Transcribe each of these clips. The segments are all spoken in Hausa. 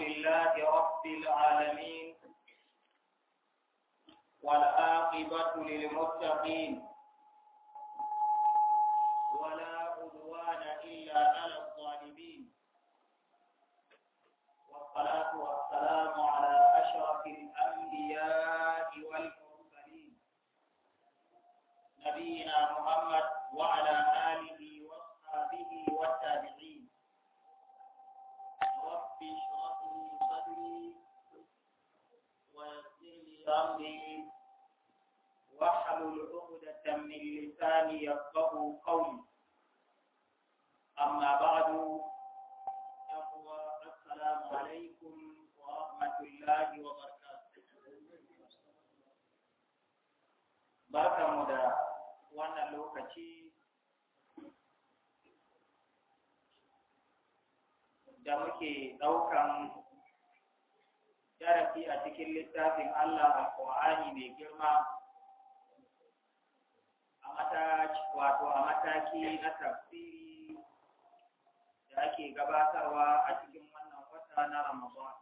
لله رب العالمين والآقبة للمتقين ولا عدوان إلا على الإنسان يفقه قولي أما بعد أخوة السلام عليكم ورحمة الله وبركاته بركة مدى وانا لوكتي da muke ɗaukan darasi a cikin littafin Allah al mai girma wato a mataki na tafsiri da ake gabatarwa a cikin wannan wata na Ramadan.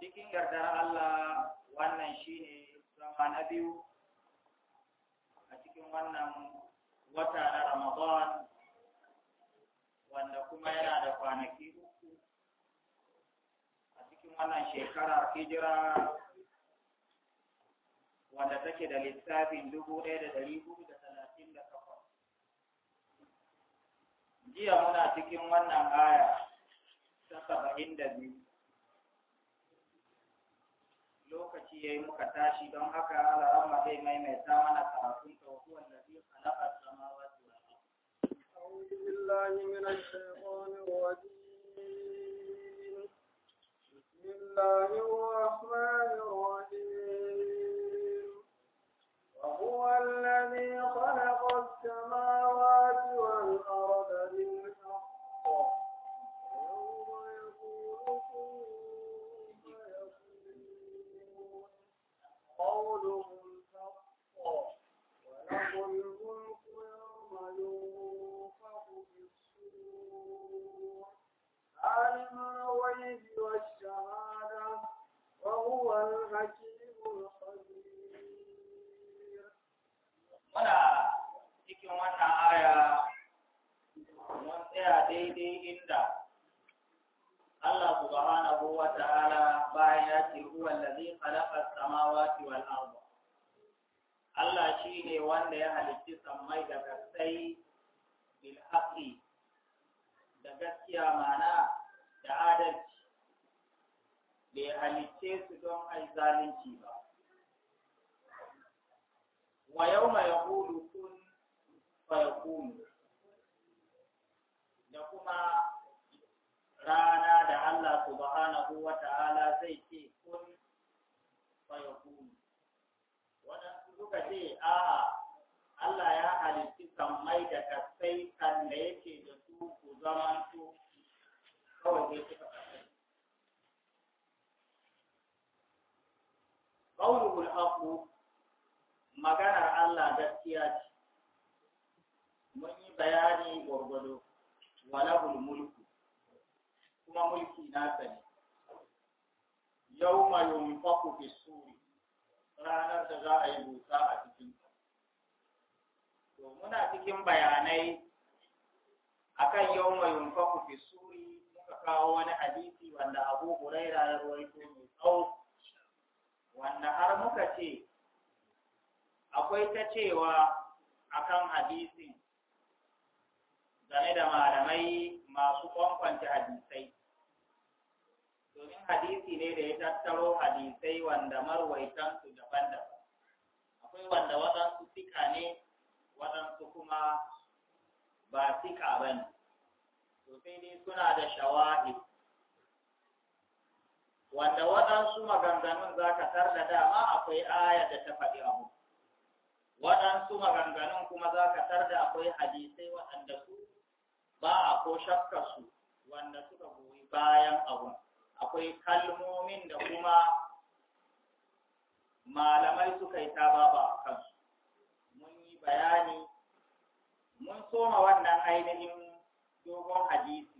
Cikin yardar Allah wannan shine zama na biyu a cikin wannan wata na Ramadan wanda kuma yana da kwanaki uku a cikin wannan shekarar hijira wadda take da lissafin dubu ɗaya da ɗari hudu da talatin da takwas. Jiya muna cikin wannan aya ta saba'in da biyu. Lokaci ya yi muka tashi don haka al'amma zai maimaita mana karatun tawhuwan da zai halakar zama wasu wani. أعوذ بالله من الشيطان الرجيم بسم الله الذي خلق السماوات alhaku maganar Allah gaskiya ce mun yi bayani gwargwado walahul mulku kuma mulki na ne yau ma yunfaku fi suri ranar da za a yi busa a cikin to muna cikin bayanai akan yau ma yunfaku fi suri muka kawo wani hadisi wanda abu huraira ya rawaito mai tsawo wanda har muka ce akwai ta cewa akan hadisin game da malamai masu kwankwanta hadisai domin hadisi ne da ya tattaro hadisai wanda marwaitansu daban-daban akwai wanda waɗansu sika ne waɗansu kuma ba sika ba ne sosai dai suna da shawahid wanda waɗansu maganganun za ka tar da dama akwai aya da ta faɗi abu waɗansu maganganun kuma za ka tar da akwai hadisai waɗanda su ba a ko shakka su wanda suka goyi bayan abu akwai kalmomin da kuma malamai suka yi ta ba a kansu mun yi bayani mun soma wannan ainihin dogon hadisi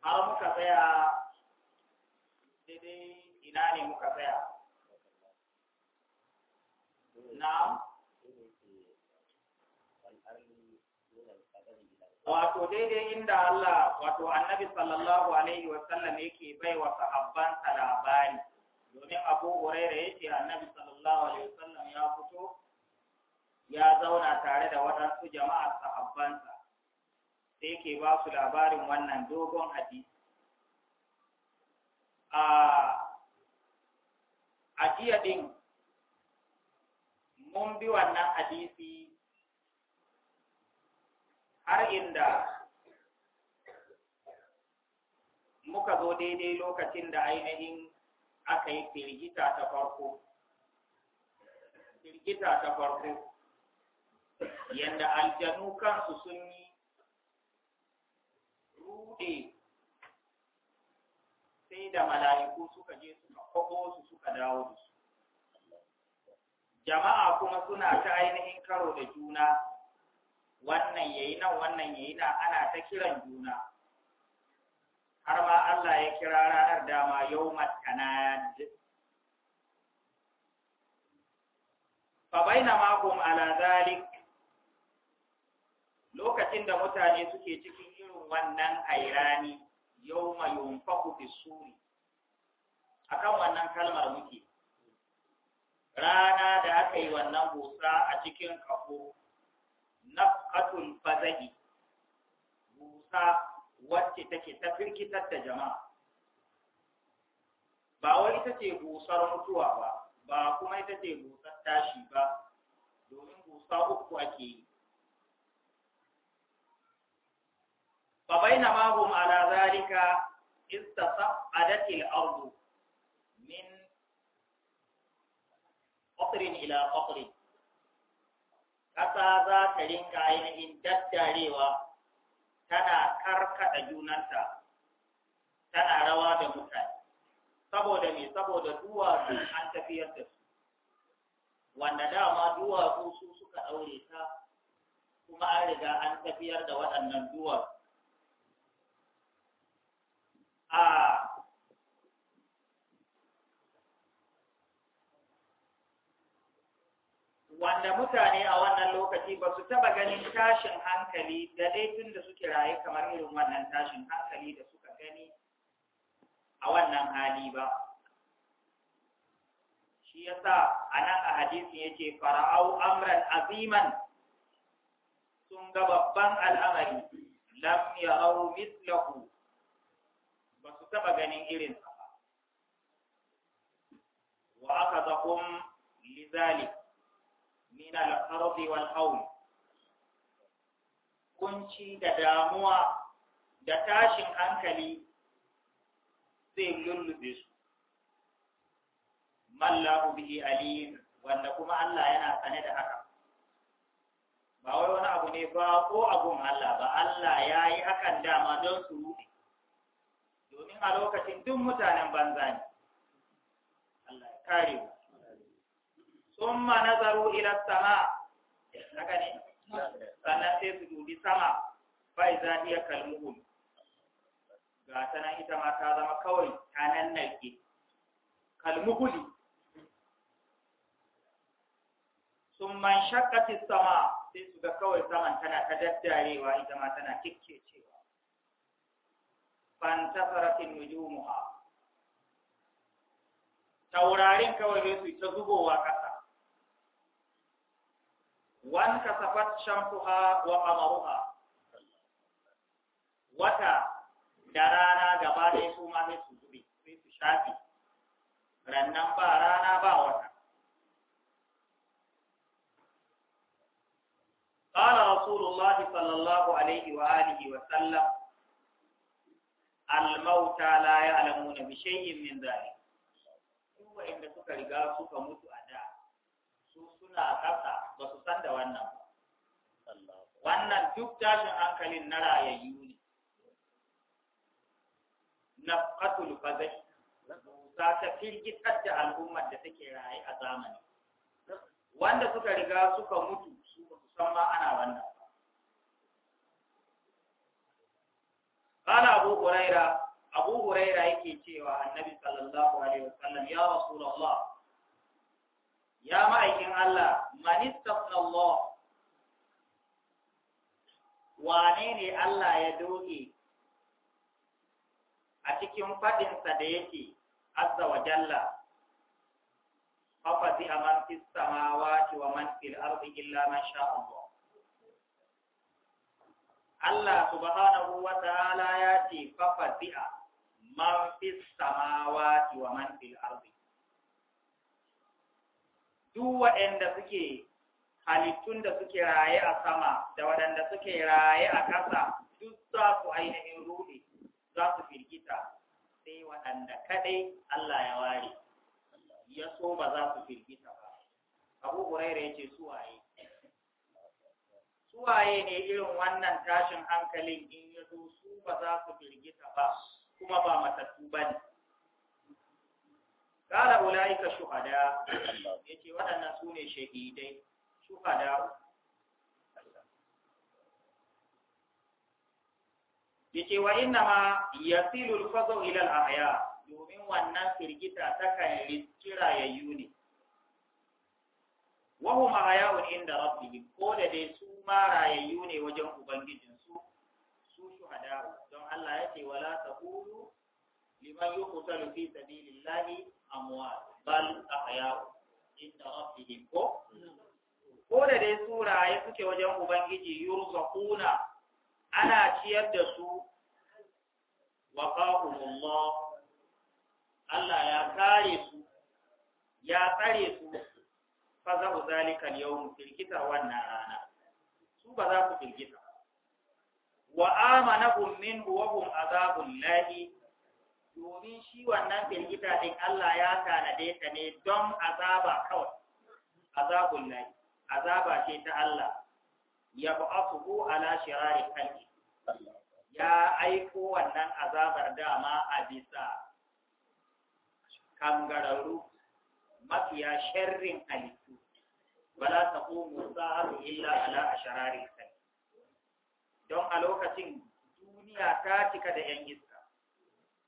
har muka tsaya daidai ina ne muka tsaya na wato daidai inda Allah wato annabi sallallahu alaihi wasallam yake bai wa sahabbansa labari domin abu huraira yake annabi sallallahu alaihi wasallam ya fito ya zauna tare da wadansu jama'ar sahabbansa sai yake ba su labarin wannan dogon hadisi a jiya din mun bi wannan hadisi har inda muka zo daidai lokacin da ainihin aka yi firgita ta farko firgita ta farko yadda aljanu kansu sun yi rude sai da mala'iku suka je suka kwabo su suka dawo da su jama'a kuma suna ta ainihin karo da juna wannan ya yi nan wannan ya yi nan ana ta kiran juna har ma Allah ya kira ranar dama yau tanad fa bainama hum makon lokacin da mutane suke cikin irin wannan hairani Yau yunfaku fi suri akan wannan kalmar muke rana da aka yi wannan busa a cikin kafo nafqatun fazahi busa wacce take ta firkitar da jama'a ba wai ita ce busar mutuwa ba ba kuma ita ce busar tashi ba domin busa uku ake yi fa bainama hum ala zalika istasa'adat al-ard min qatrin ila qatrin Ƙasa za ta rinka ainihin daddarewa tana karkada junanta tana rawa da mutane saboda me saboda duwatsu an tafiyar da su wanda dama duwatsu su suka daure ta kuma an riga an tafiyar da waɗannan duwatsu wanda mutane a wannan lokaci ba su taba ganin tashin hankali da laifin da suke raye kamar irin wannan tashin hankali da suka gani a wannan hali ba shi yasa a nan a ya ce fara'au amran aziman sun ga babban al'amari lam yarau mislahu taba ganin irin sa wa akazahum lizalik min al-qarb wal hawl kunci da damuwa da tashin hankali zai lullube su mallahu bihi alim wanda kuma Allah yana sane da haka ba wai wani abu ne ba ko abun Allah ba Allah ya yi hakan dama don su rufe. domin a lokacin duk mutanen banza ne Allah ya kare mu summa nazaru ila sama haka ne sannan sai su dubi sama fa iza hiya kalmuhum ga ta nan ita ma ta zama kawai ta nan nake kalmuhuli summa shaqqati sama sai su ga kawai saman tana ta daddarewa ita ma tana kikkece fantasaratin nujumuha taurarin kawai ne su ta zubowa ƙasa wan kasafat shamsuha wa qamaruha wata da rana gaba ɗaya su ma sai su sai su ba rana ba wata قال رسول الله صلى الله عليه وآله وسلم almauta la na bi shay'in min dhalik duk inda suka riga suka mutu a da su suna kasa ba su san da wannan ba wannan duk tashin hankalin na rayayyu ne na fatul fazai za ta firgitar da al'ummar da take raye a zamani wanda suka riga suka mutu su ba su san ma ana wannan kana abu huraira abu huraira yake cewa annabi sallallahu alaihi wasallam ya Allah? ya ma'aikin Allah man istafna Allah wane ne Allah ya doge a cikin sa da yake azza wa jalla fafati a man fi samawati wa man fil ardi illa man sha Allah Allah subhanahu wa ta'ala ya ce fafazi'a man fis samawati wa man fil ardi duk waɗanda suke halittun da suke raye a sama da waɗanda suke raye a ƙasa duk za su ainihin ruɗe za su firgita sai waɗanda kaɗai Allah ya ware ya so ba za su firgita ba Abu hurairu ya ce su waye suwaye ne irin wannan tashin hankalin in ya zo su ba za su firgita ba kuma ba matattu ba ne ƙara ula'ika shuhada ya ce waɗannan su ne shahidai shuhada ya ce wa ina ma ya filul fazo ilal haya, domin wannan firgita ta kan rikira ya Wahuma haya wani inda yi. ma rayayyu ne wajen ubangijinsu su shuhada don Allah ya ce wala taqulu liman yuqtalu fi sabilillahi amwat bal ahya'u inda rabbihim ko ko da dai su raye suke wajen ubangiji yurzaquna ana ciyar da su wa qahumullah Allah ya kare su ya tsare su fa za zalika yawm wannan rana su ba za ku firgita wa amanahum minhu wa hum azabul lahi domin shi wannan firgita din Allah ya tanade ta ne don azaba kawai azabul lahi azaba ce ta Allah ya ba'athu ala shirari kalbi ya aiko wannan azabar dama a bisa kangararru mafiya sharrin halittu bala ta komo sa'adu illa ala a sharari don a lokacin duniya ta cika da ‘yan iska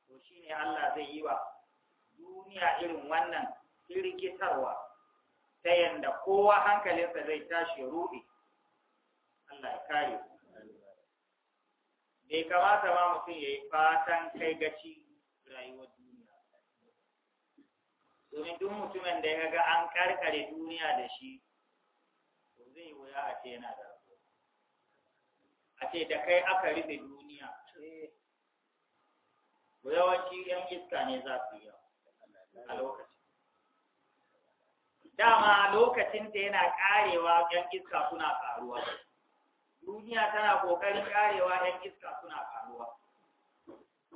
to shi ne Allah zai yi wa duniya irin wannan firgitarwa ta yanda kowa hankalinsa zai tashi ruɗe Allah ya kare bai kamata ma mutum ya yi fatan kai gaci rayuwar duniya domin duk mutumin da ya ga an karkare duniya da shi zai wuya a ce yana da rabo a ce da kai aka rufe duniya yawanci yan iska ne za su yi a lokacin dama lokacin ta yana karewa yan iska suna karuwa duniya tana kokarin karewa yan iska suna karuwa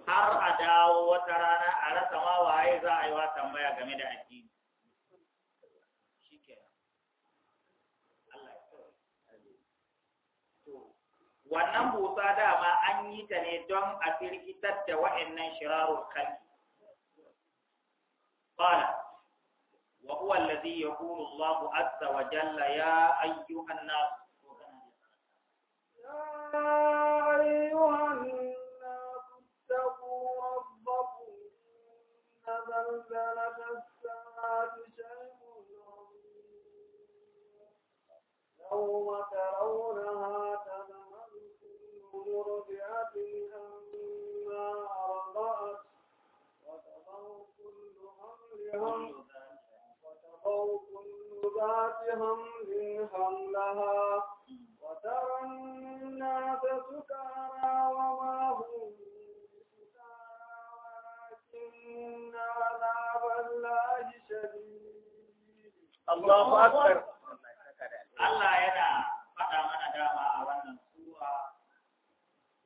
har a dawo wata rana a rasa ma waye za a yi wa tambaya game da addini wannan busa dama an yi ta ne don a firgitar da wa'annan shirarun kalbi qala wa huwa alladhi yaqulu Allahu azza wa jalla ya ayyuhan nas ya ayyuhan nas taqu rabbakum nazalzalata as-samaa'i shay'un 'azim yawma tarawnaha مرضعة أما أرضعت وتضع كل حملها وتضع كل ذات حمل حملها وترى الناس سكارى وما هم سكارى ولكن عذاب الله شديد الله أكبر الله يدعى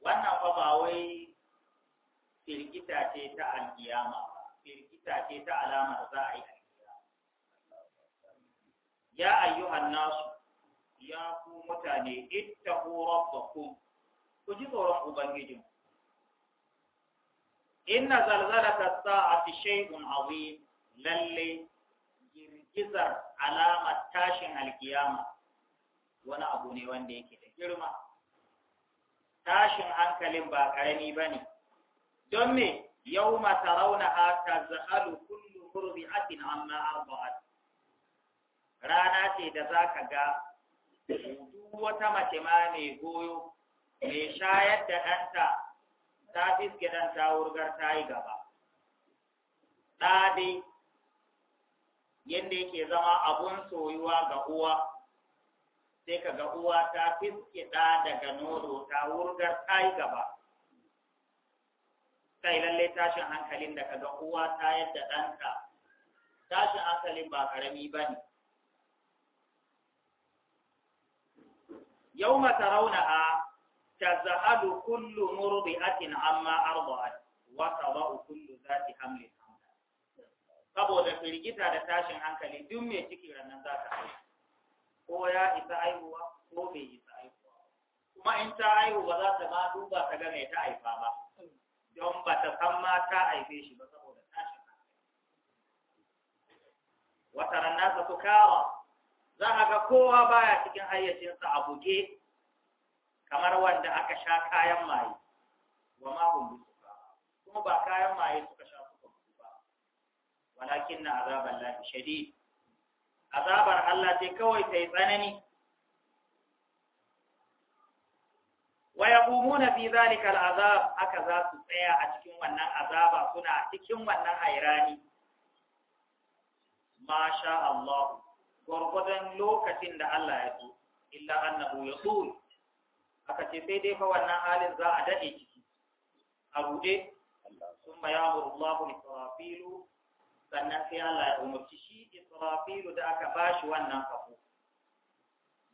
wannan fa ba wai firgita ce ta alkiyama firgita ce ta alamar za a yi ya ayyuhan nasu ya ku mutane ku rabbakum ku ji tsoron ubangijin inna zalzalata sa'ati shay'un azim lalle girgizar alamar tashin alkiyama wani abu ne wanda yake da girma tashin hankalin ba ƙarami ba ne, don me yau mata rauna a ta kullu kurbi amma arba'at. Rana ce da za ka ga duk wata mace ma mai goyo, mai shayar da ɗanta, ta fiske ta wurgar ta yi gaba. Ɗa dai, yadda yake zama abun soyuwa ga uwa, sai ka ga uwa ta fiskida daga nono ta wurgar ta yi gaba Sai lallai tashin hankalin da ka ga uwa ta yadda ɗanta tashin hankalin ba ƙarami ba ne yau mata rauna a ta zahadu kullu murbi atin amma arba'at wata ba'u kullu zati hamlin saboda firgita da tashin hankali duk mai ciki ranar za ta haihu ko ya isa aihuwa ko bai isa aihuwa. kuma in ta aihu ba za ta ma duba ta ga mai ta haifa ba don ba ta san ma ta haife shi ba saboda ba wata ranar da su kawo za a ga kowa baya cikin hayyacinsa a buge kamar wanda aka sha kayan maye wa mahun ba kuma ba kayan maye suka sha suka ba walakin na azaban lafi shadid azabar Allah sai kawai ta yi tsanani wa yaqumuna fi zalika al'azab aka za su tsaya a cikin wannan azaba suna cikin wannan hairani masha Allah gwargwadon lokacin da Allah ya so illa annahu yasul aka ce sai dai fa wannan halin za a dade ciki a rude sun ya'muru Allahu israfilu sannan sai Allah ya umarci shi Israfilu da aka bashi wannan kafu.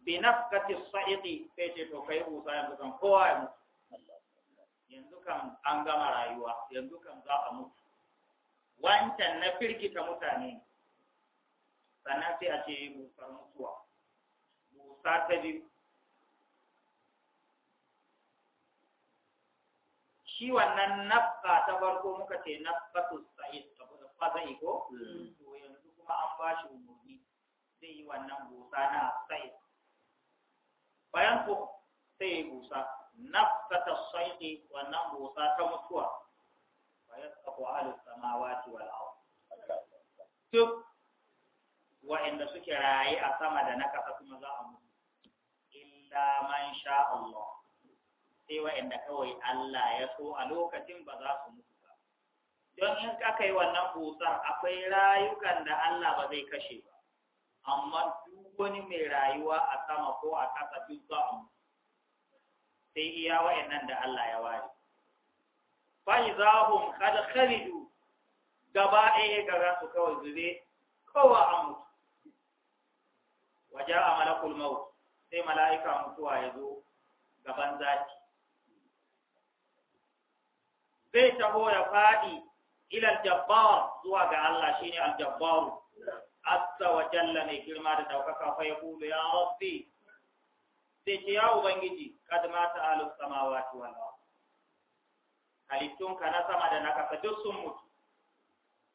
bi nafkati sa'iqi sai ce to kai Musa yanzu kan kowa ya mutu yanzu kan an gama rayuwa yanzu kan za a mutu wancan na firgita mutane sannan sai a ce busar mutuwa Musa ta bi. shi wannan nafka ta farko muka ce nafkatus ba zai ko to yanzu kuma an ba shi umarni zai yi wannan gusa na sai bayan ko sai ya yi gusa nafsata shaydi wannan gusa ta mutuwa fa yasqu ahli samawati wal ard duk wa'anda suke raye a sama da na kasa kuma za a mutu illa man sha Allah sai wa'anda kawai Allah ya so a lokacin ba za su mutu don in ka yi wannan busar akwai rayukan da Allah ba zai kashe ba amma duk wani mai rayuwa a sama ko a kasa duk za sai iya wa'annan da Allah ya ware a hun kada kharidu gaba ɗaya ga su kawai zube kowa a mutu waje a malakul mawu sai mala'ika mutuwa ya zo gaban zaki zai taho ya faɗi ila jabbar zuwa ga Allah shine al-jabbar azza wa jalla mai girma da daukaka fa ya kulu ya rabbi sai ce ya ubangiji kad ma ta'alu samawati wal ard halittun ka na sama da na kasa duk sun mutu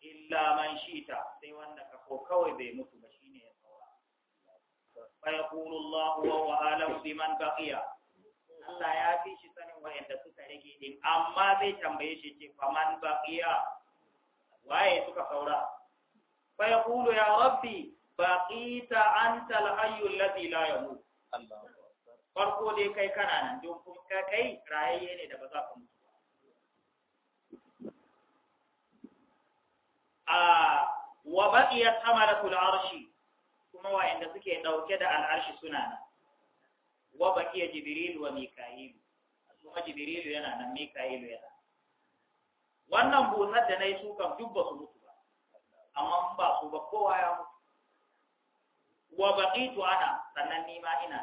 illa man shita sai wanda ka ko kawai bai mutu ba shine ya saura fa ya kulu Allah wa wa alam man baqiya Allah ya fi shi sanin wa'anda suka rage din amma zai tambaye shi ce faman baqiya waye suka saura fa yaqulu ya rabbi baqita anta al-hayyu alladhi la yamut farko dai kai kana nan don kuma ka kai rayayye ne da ba za ka mutu a wa baqiyat hamalatul arshi kuma wa'anda suke dauke da al'arshi suna nan wa baqiya jibril wa mika'il kuma jibril yana nan mika'il yana wannan busar da na yi su duk ba su mutu ba amma ba su ba kowa ya mutu wa baqitu ana sannan ni ma ina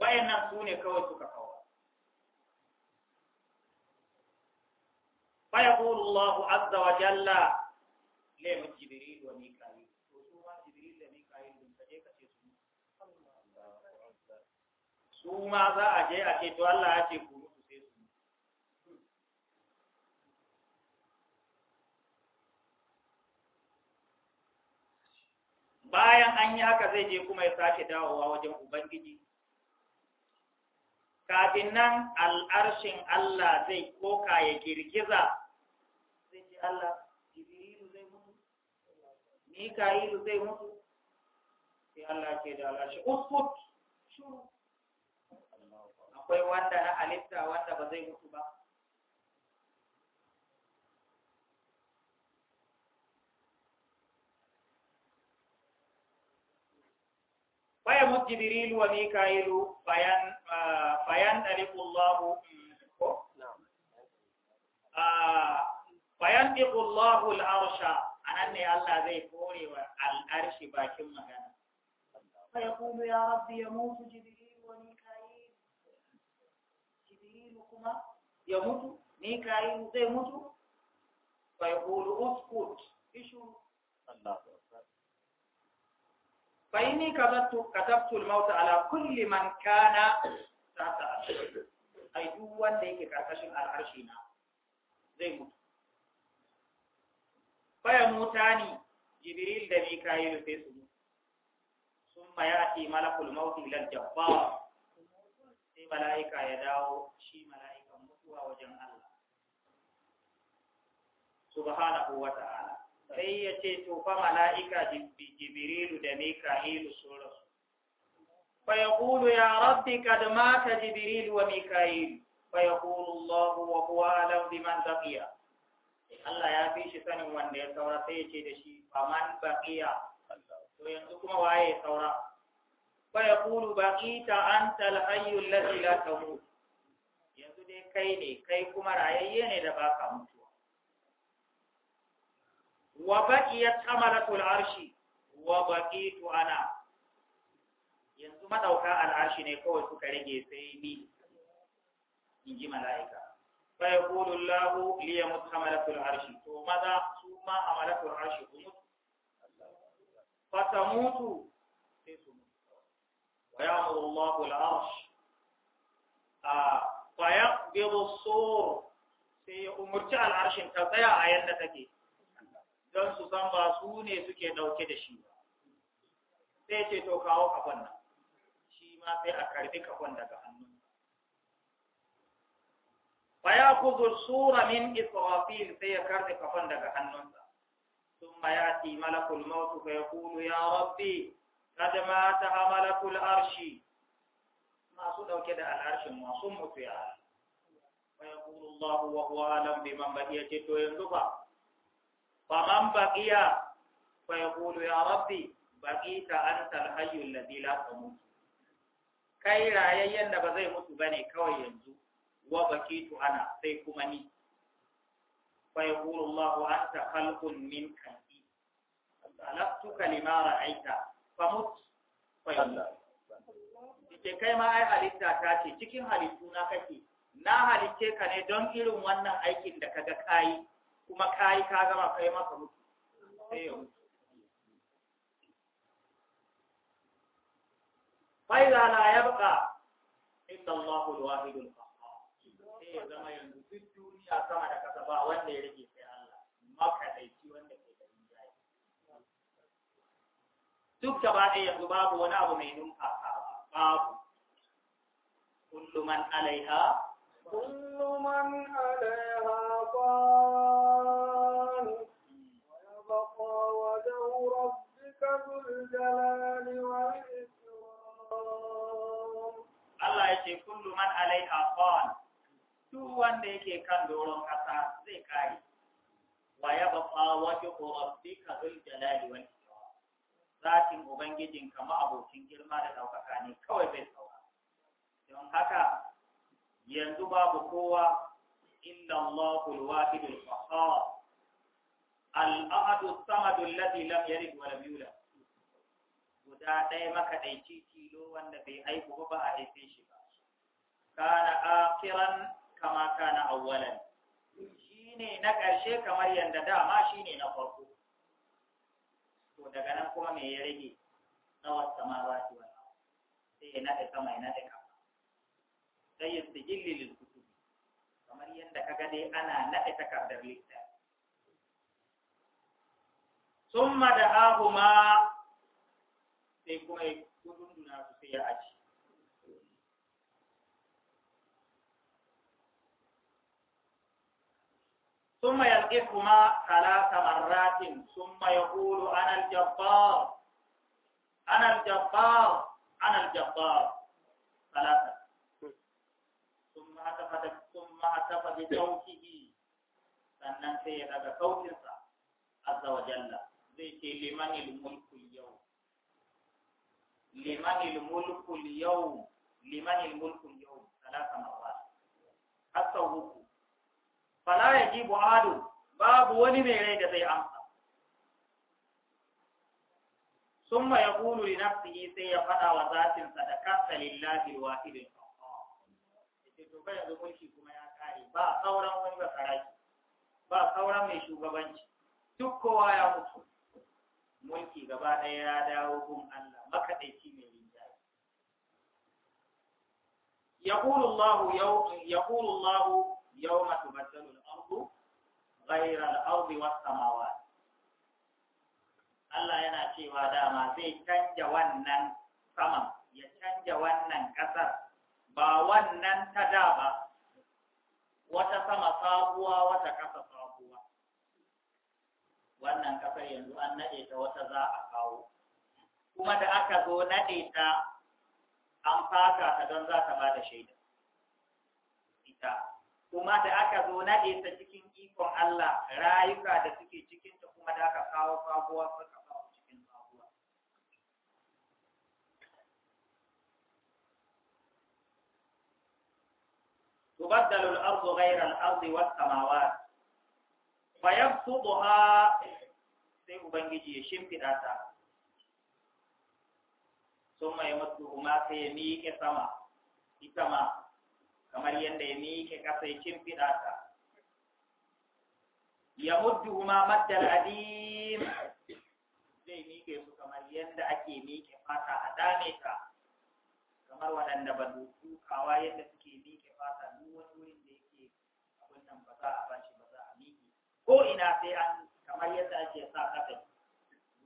wayannan su ne kawai suka kawo fa yaqulu Allahu azza wa jalla li jibril wa mikael su ma za a je a ce to Allah ya ce ku mutu sai su bayan an yi haka zai je kuma ya sake dawowa wajen ubangiji kafin nan al'arshin Allah zai koka ya girgiza zai ce Allah jibrilu zai mutu mika'ilu zai mutu sai Allah ke da alashi uskut shuru akwai wanda na halitta wanda ba zai mutu ba wa فيموت bayan bayan فين ko الله نعم فينطق الله العرش anan ne Allah zai kore wa al-arshi bakin magana. Fa yaqulu ya rabbi ya mutu jibi. kuma ya mutu mika'ilu zai mutu fa yaqulu uskut ishu Allahu akbar fa inni katabtu katabtu al-maut ala kulli man kana tata ai duk wanda yake karkashin al'arshi na zai mutu fa ya mutani jibril da mika'ilu sai su mutu summa ya'ti malakul maut ila al-jabbar sai malaika ya dawo shi malaika wajen Allah subhanahu wa ta'ala sai ya ce to fa mala'ika jibrilu da mika'ilu sun rasu fa yaqulu ya rabbi kad mata jibrilu wa mika'ilu fa Kulu Allah wa huwa alam biman baqiya Allah ya fi shi sanin wanda ya saura sai ya ce da shi Ba faman baqiya to yanzu kuma waye ya saura fa yaqulu baqita ta al-hayyu alladhi la tamut kai ne kai kuma rayayye ne da ba ka mutuwa wa baqiyat hamalatul arshi wa baƙi ana yanzu madauka al'arshi ne kawai suka rage sai ni in ji mala'ika fa yaqulu Allahu liyamut hamalatul arshi to maza su ma a hamalatul arshi kuma mutu, sai su mutu wa ya'muru Allahu al-arsh a ah, Waya bebo so sai ya umarci al'arshin ta tsaya a yadda take don su san ba su ne suke ɗauke da shi sai ce to kawo kafan nan shi ma sai a karbi kafan daga hannun fa ya sura min israfil sai ya karbi kafan daga hannunsa ثم يأتي ملك الموت فيقول ya ربي قد مات ملك ɗauke da al'arshin ma sun mutu ya wai Allahu wa huwa alam bi man baqiya ce to yanzu fa fa man baqiya fa yaqulu ya rabbi baqita anta al-hayyu alladhi la tamut kai rayayyen da ba zai mutu bane kawai yanzu wa baqitu ana sai kuma ni fa yaqulu Allahu anta khalqun min khalqi خلقتك لما رأيت فمت فيضل ce kai ma ai halitta ta ce cikin halittu na kake na halitte ka ne don irin wannan aikin da kaga kayi kuma kayi ka gama kai maka mutu sai ya mutu faiza la yabqa illa Allahu al-wahidul qahhar sai ya zama yanzu duk duniya sama da kasa ba wanda ya rage sai Allah shi wanda ke da rinjaye duk ba ɗaya yanzu babu wani abu mai numfasa ab kullu man alaiha kullu man alaiha fan wayabqa wa dahu rabbika dhul jalali wal ikram allah yake kullu alaiha fan tu wanda yake kan doron ƙasa zai kai wayabqa wa dahu rabbika dhul jalali wal ikram zatin ubangijin kama abokin girma da ɗaukaka ne kawai bai sauka don haka yanzu babu kowa illa Allah wahidul qahhar al-ahad as alladhi lam yalid wa lam guda ɗaya makaɗaici tilo wanda bai haihu ba a haife shi ba kana akiran kama kana awwalan shine na ƙarshe kamar yanda dama shine na farko to daga nan kuma me ya rage tsawon wani wal sai ya nade sama ya nade kafa sai ya sigilli lil kutubi kamar yadda ga dai ana naɗe takardar littafi summa da ma sai kuma ya gudunduna su sai ya aji ثم يلقفهما ثلاث مرات ثم يقول أنا الجبار أنا الجبار أنا الجبار ثلاثة ثم هتف ثم هتف بصوته فنن سيد هذا صوت عز وجل ذيك لمن الملك اليوم لمن الملك اليوم لمن الملك اليوم ثلاث مرات حتى هو fala ya ji bu'adu babu wani mai rai da zai amsa summa ya kulu li nafsihi sai ya faɗa wa zatinsa da kasa lillahi wahidin yace to fa yanzu mulki kuma ya kare ba sauran wani ba karaki ba sauran mai shugabanci duk kowa ya mutu mulki gaba ɗaya ya dawo gun Allah makaɗaici mai rinjaye yaqulu Allahu yaqulu Allahu يوم تبدل الأرض غير الأرض والسماوات Allah yana cewa dama zai canja wannan saman ya canja wannan ƙasar ba wannan ta da ba wata sama sabuwa wata ƙasa sabuwa wannan ƙasar yanzu an naɗe ta wata za a kawo kuma da aka zo naɗe ta an fata ta don za ta ba da shaida ita kuma da aka zo na ta cikin ikon Allah rayuka da suke cikin cikinta kuma da aka kawo ko suka kawo cikin sabuwa. تبدل الأرض غير الأرض والسماوات فيبسطها sai Ubangiji ya shimfiɗa ta, sun mai mutu kuma sai ya miƙe sama, ita ma kamar yadda ya miƙe ƙasa ya ya muddu ma maddal adim zai miƙe su kamar yadda ake miƙe fata a dame ta kamar waɗanda ba kawa yadda suke miƙe fata duk wani wurin da yake abin nan ba za a bashi ba za a miƙe ko ina sai an kamar yadda ake sa kafa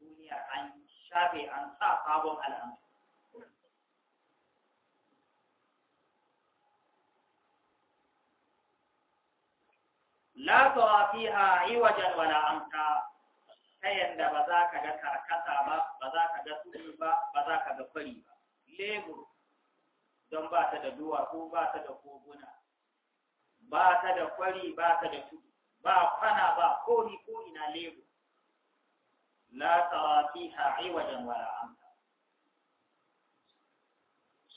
duniya an shafe an sa sabon al'amari la tara fiha iwajan wala amta ta yanda ba za ka ga karkata ba ba za ka ga tudu ba ba za ka ga fari ba lebur don ba ta da duwatsu ba ta da koguna ba ta da fari ba ta da tudu ba kwana ba ko ni ko ina lebur la tara fiha iwajan wala amta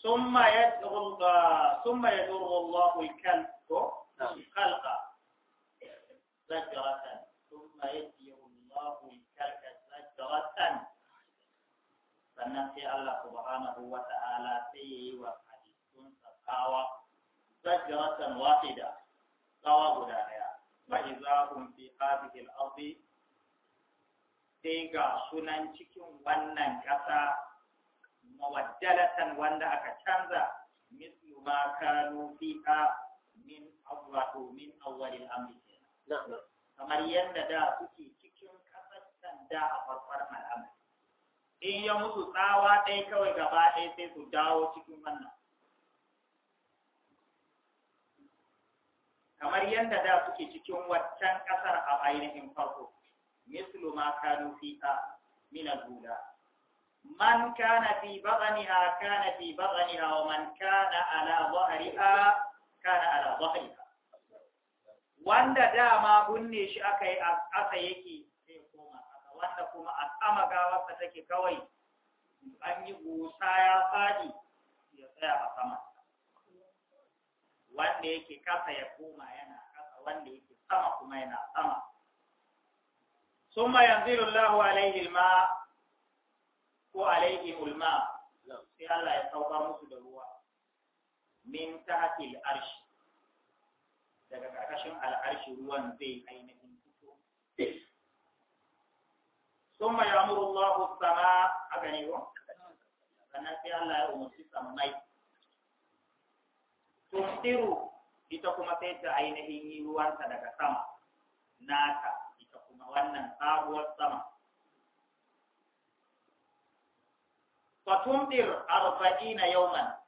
ثم يدعو الله ثم يدعو الله الكلب خلقه زجرة ثم يديه الله الكرك زجرة sannan sai Allah subhanahu wa ta'ala sai ya yi wa halittunsa tsawa zajjaratan wahida tsawa guda ɗaya ba izahun fi hadhihi al-ardi sai ga sunan cikin wannan ƙasa mawaddalatan wanda aka canza mislu ma kanu fiha min awwatu min awwalil amri kamar yadda da suke cikin kasar sanda a farfar al'amari in ya mutu tsawa ɗaya kawai gaba ɗaya sai su dawo cikin wannan kamar yadda da suke cikin waccan ƙasar a ainihin farko mislu ma kanu fiha min al-ula man kana fi baghniha kana fi baghniha wa man kana ala dhahriha kana ala dhahriha wanda dama bunne shi aka yi asa yake sai koma aka wanda kuma a sama gawarsa take kawai an yi gusa ya faɗi ya tsaya a sama wanda yake kasa ya koma yana kasa wanda yake sama kuma yana sama summa yanzilu Allahu alaihi alma ko alaihi ulma sai Allah ya sauka musu da ruwa min tahtil arshi daga ƙarƙashin al'arshi ruwan zai ainihin fito ثم يأمر الله السماء أغنيوا sannan sai Allah ya umarci sammai tumtiru ita kuma sai ta ainihin yi ruwanta daga sama nata ita kuma wannan sabuwar sama fatumtir arba'ina yauman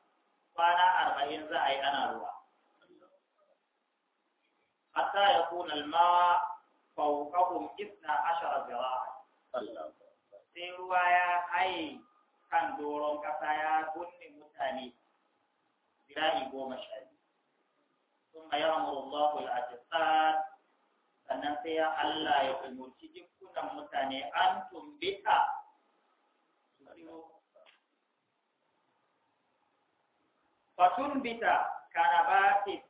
kwana arba'in za a yi ana ruwa حتى يكون الماء فوقهم اثنا عشر ذراع سيروايا أي كان دورون كفايا كن متاني ذراعي بو مشهد ثم يأمر الله العجسات أن سيا ألا يقلم الشجب كن متاني أنتم بها فتنبت كنباتك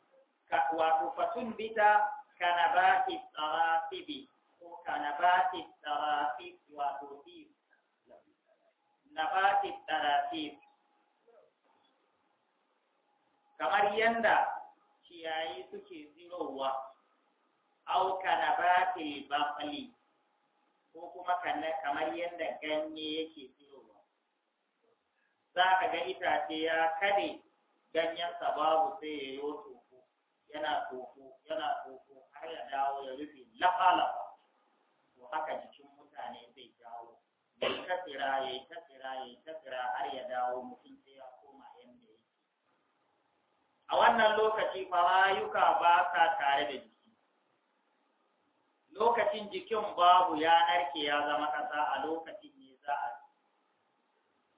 wato fatun bita kanabati tsarafibi ko kanabati tsarafib wato tif nabati tsarafib kamar yanda ciyayi suke tsirowa au kanabati baqli ko kuma kamar yadda ganye yake tsirowa za ka ga itace ya kade ganyensa babu sai ya yi yana koko yana koko har ya dawo ya rufe lafa-lafa to haka jikin mutane zai dawo ya yi tasira ya yi tasira ya yi tasira har ya dawo mutum sai ya koma yadda yake a wannan lokaci fa ba sa tare da jiki lokacin jikin babu ya narke ya zama kasa a lokacin ne za a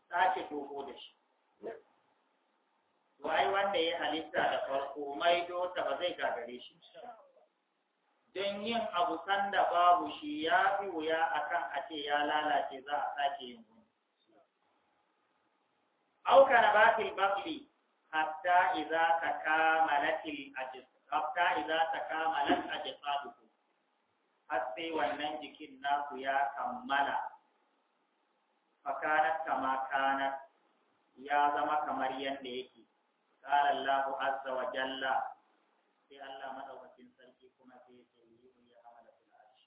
sace koko da shi wai wanda ya halitta da farko mai dota ba zai gagare shi don yin abu sanda babu shi ya fi wuya akan a ya lalace za a sake yin wani auka na batil bakli hatta iza ta kamalatil hatta iza ta kamalat ajsadukum har sai wannan jikin naku ya kammala fakanat kama kana ya zama kamar yadda yake قال الله عز وجل في الله مدوكين سلكي كما في تنزيل يا حملة العرش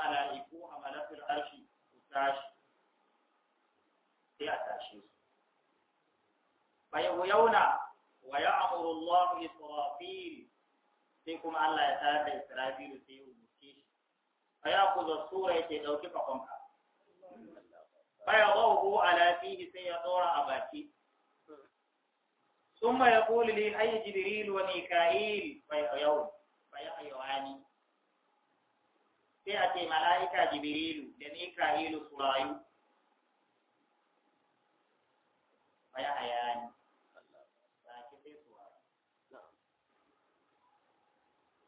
ملائكو حملة العرش تاشي يا تاشي فيهويونا ويأمر الله إسرافيل فيكم الله يتابع إسرافيل فيه المسكيش فيأخذ الصورة يتدوكي فقمها فيضوه على فيه سيطور أباكي ثم يقول لي أي جبريل وميكائيل فيعيون فيعيواني فيأتي ملائكة جبريل وميكائيل سرايو فيعياني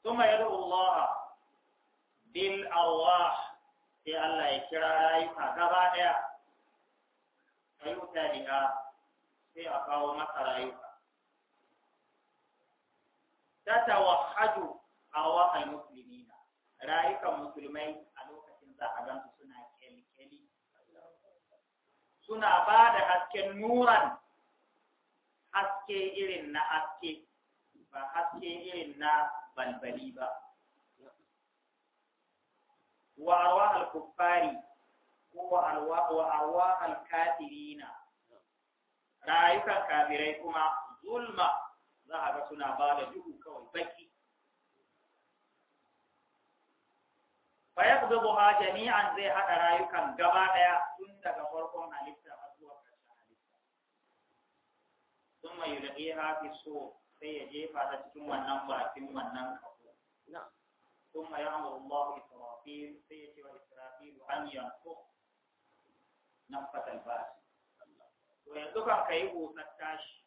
ثم يدعو الله بالأرواح في الله يكرارها يكرارها يكرارها يكرارها يكرارها يكرارها a awaqal muslimina rayukan musulmai a lokacin za a gansu suna kyalkyali suna ba da hasken nuran haske irin na haske ba haske irin na balbali ba wa arwa al-kuffari ko wa arwa wa arwa al-kafirina rayukan kafirai kuma zulma za a ga suna ba da duhu kawai baki fayaqdabu ha jami'an zai hada rayukan gaba ɗaya tun daga farkon halitta a zuwa ƙarshen halitta thumma yulqiha fi so sai ya jefa ta cikin wannan bakin wannan kafo thumma ya'muru Allahu israfil sai ya ce wa israfil an yanfukh nafsat al-bas to yanzu kan yi hutar tashi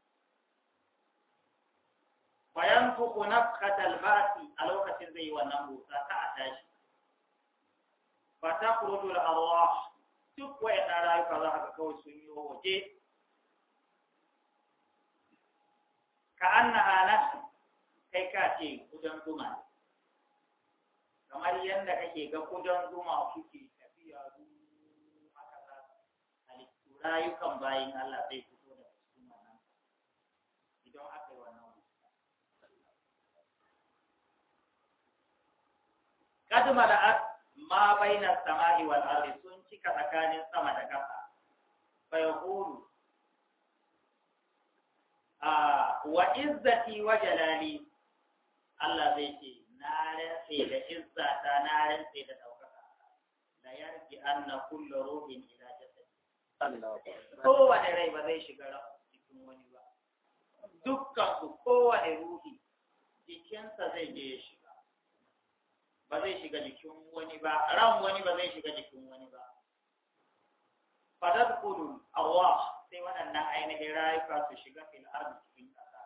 fayanfuku nafkatal ba'si a lokacin zai yi wannan busa ta a tashi Ba ta kuro dole a ruwa duk wayannan rayuka za ga kawai sun yi waje ka na hana kai ka ce kudan zuma kamar yadda kake ga kudan zuma kuke tafiya haka za halittu rayukan bayan Allah zai kad mala'at ma baina samai wal ardi sun cika tsakanin sama da ƙasa fa yaqulu a wa izzati wa jalali Allah zai ce na rafe da izzata na rafe da daukaka la yarji anna kullu ruhin ila ko kowane rai ba zai shiga cikin wani ba dukkan ko kowane ruhi jikinsa zai je shi ba zai shiga jikin wani ba ran wani ba zai shiga jikin wani ba fadar kudul arwah sai waɗannan ainihin rayuka su shiga fil ardi cikin ƙasa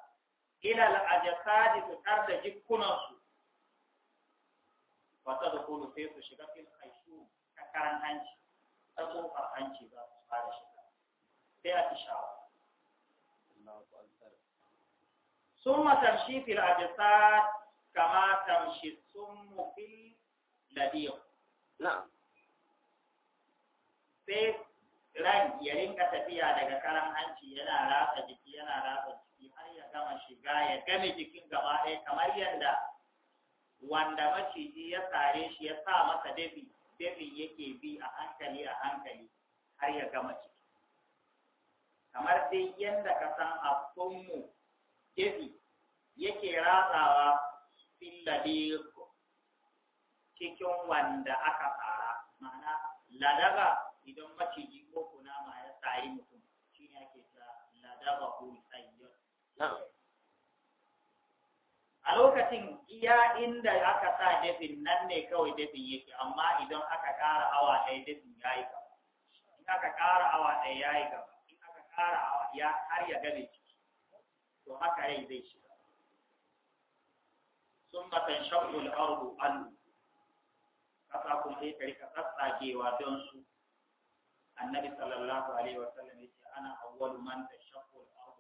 ila al'ajasadi su tar da jikunansu fadar kudul sai su shiga fil haishu ta karan hanci ta tsofar hanci za su fara shiga sai a tishawa sun tarshi fil ajasadi kama tamshi summu fil ladiq na'am sai ran ya rinka tafiya daga karan hanci yana ratsa jiki yana ratsa jiki har ya gama shiga ya game jikin gaba ɗaya kamar yadda wanda maciji ya sare shi ya sa masa dafi dafi yake bi a hankali a hankali har ya gama ciki kamar dai yadda ka san a kunmu dafi yake ratsawa filladiq cikin wanda aka fara. ma'ana ladaba idan maciji ko kunama ya tsayi mutum shi ne ake ta ladaba ko tsayyar a lokacin iya inda aka sa dafin nan ne kawai dafin yake amma idan aka ƙara awa ɗaya dafin ya yi gaba in aka ƙara awa ɗaya ya yi gaba in aka ƙara awa ya har ya ciki, to haka rai zai shi ثم تنشق الارض ان فتاكم هي طريق قصاجي واتونسو النبي صلى الله عليه وسلم يجي انا اول من تنشق الارض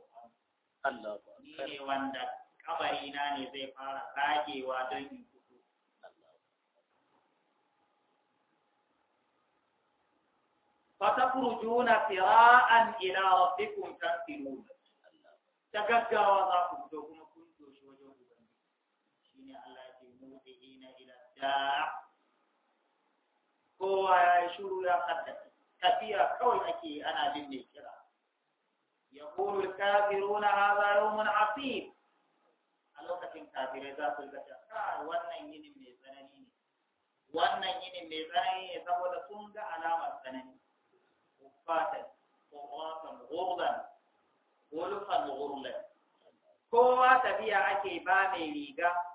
ان الله اكبر ني واندا قبري نا ني زي فتخرجون سراء الى ربكم تنفرون تجدوا وضعكم kowa ya yi shuru ya haddace tafiya kawai ake ana bin mai kira يقول الكافرون هذا يوم عصيب a lokacin kafirai za su ga kai wannan yinin mai tsanani ne wannan yinin mai tsanani ne saboda sun ga alamar tsanani kufatan qawatan ghurdan wulfan ghurlan kowa tafiya ake ba mai riga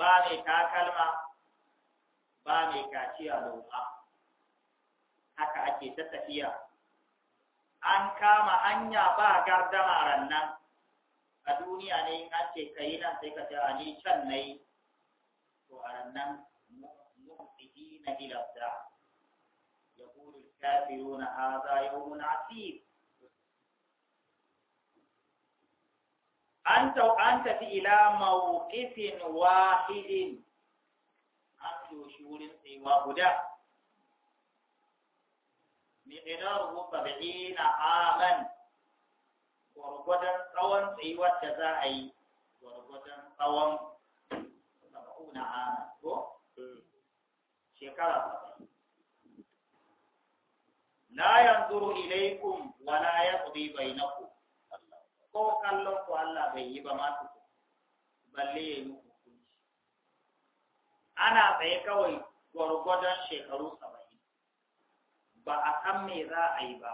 ba mai takalma ba mai kaciya loma haka ake ta tafiya an kama hanya ba gardama nan a duniya ne in an ce kai nan sai ka ce ni can na yi to a rannan mu'tihi na ilabda ya kuri na haza na an tafi ila mawqifin wahidin an doshi wurin tsayuwa guda miqdaruhu sab'ina aman gwargwadon tsawon tsayuwar ta za a yi gwargwadon tsawon sab'una aman ko shekara la yanzuru ilaykum wa la yaqdi bainakum ko kallon ku Allah bai yi ba ma su balle ya yi hukunci ana tsaye kawai gwargwadon shekaru saba'in ba a san me za a yi ba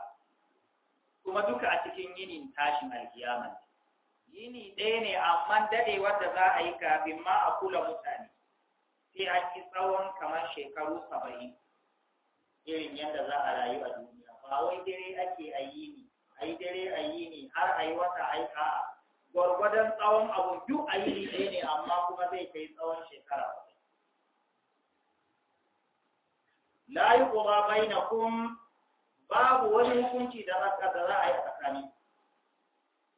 kuma duka a cikin yinin tashin alkiyama yini ɗaya ne amma daɗe wadda za a yi kafin ma a kula mutane sai a ci tsawon kamar shekaru saba'in irin yadda za a rayu a duniya ba wai dare ake a yini Ayi dare ayi yi ne har a yi wata a ka gurgudan tsawon abu duk a ne ne amma kuma zai kai tsawon shekara la yi kuma bainakum babu wani hukunci da haka da za a yi tsakani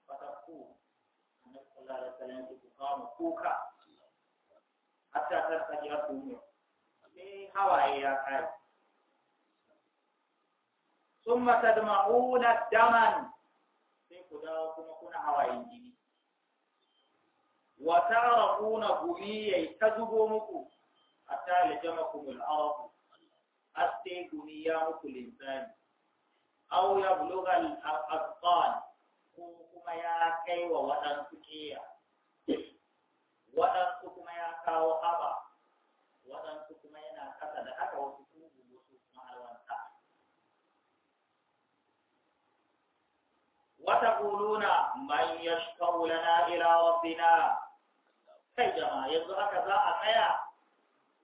fatakku annabi sallallahu alaihi wasallam ya ku kawo kuka hatta ji asu ne Me hawaye ya kai ثم تدمعون الدما sai ku dawo kuma kuna hawayen jini wa ta'rafuna gumi yayi ta zubo muku hatta lajamakum al-arab hatta gumi ya muku linsani aw yablugha al-aqan ko kuma ya kai wa waɗansu waɗansu kuma ya kawo haba وتقولون من يشفع لنا إلى ربنا kai jama'a yanzu aka za a tsaya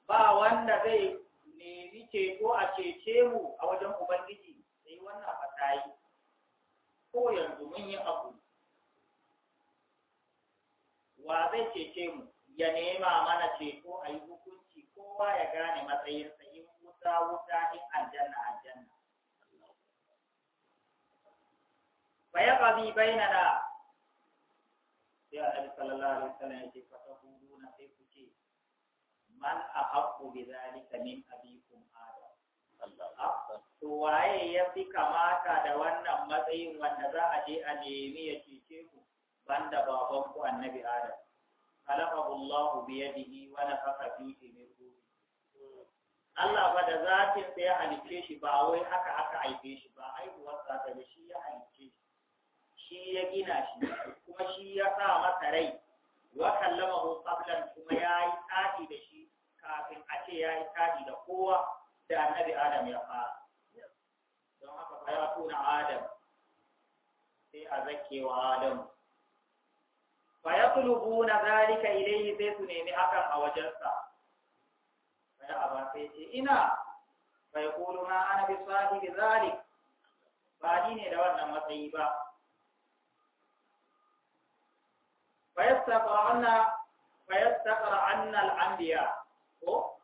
ba wanda zai nemi ko a cece mu a wajen ubangiji sai wannan fatayi ko yanzu mun yi abu wa zai cece mu ya nema mana ceko a yi hukunci kowa ya gane matsayinsa sayin wuta wuta in aljanna aljanna bai na da. sai annabi sallallahu alaihi wasallam ya ce fa taquluna sai ku ce man ahaqqu bi zalika min abikum adam to waye ya fi kamata da wannan matsayin wanda za a je a nemi ya cece ku banda baban ku annabi adam khalaqahu Allah bi yadihi wa nafaqa fihi min ruhi Allah ba da zatin sai ya halice shi ba wai haka aka aibe shi ba aihuwar sa da shi ya halice shi shi ya gina shi kuma shi ya sa masa rai wa kallamahu qablan kuma ya yi tsadi da shi kafin a ce ya yi tsadi da kowa da annabi adam ya fara don haka fa ya tuna adam sai a zake wa adam fa ya tulubu na zalika ilayhi sai su nemi hakan a wajensa fa ya aba sai ce ina fa ya ma ana bi sahibi zalik ba ni ne da wannan matsayi ba fayastakara'anna fayastakara'anna al'ambiya ko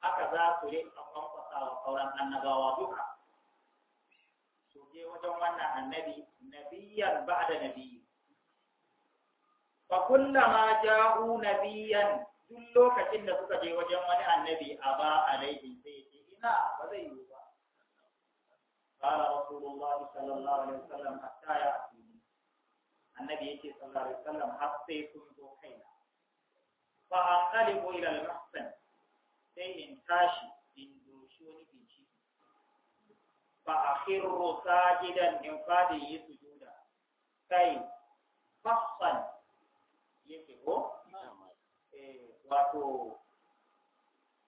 haka za su yi a kwamfasa wa sauran annabawa duka su je wajen wannan annabi nabiyan ba da nabiyi fa kullama ja'u nabiyan duk lokacin da suka je wajen wani annabi a ba alaihi sai ce ina ba zai yi ba قال رسول الله صلى الله عليه وسلم حتى يأتي annabi yake sallallahu alaihi wasallam har sai kun zo kaina fa anqalibu ila al-mahsan sai in tashi in doshi wani bici fa akhirru sajidan in fadi yi sujuda kai fassan yake ko eh wato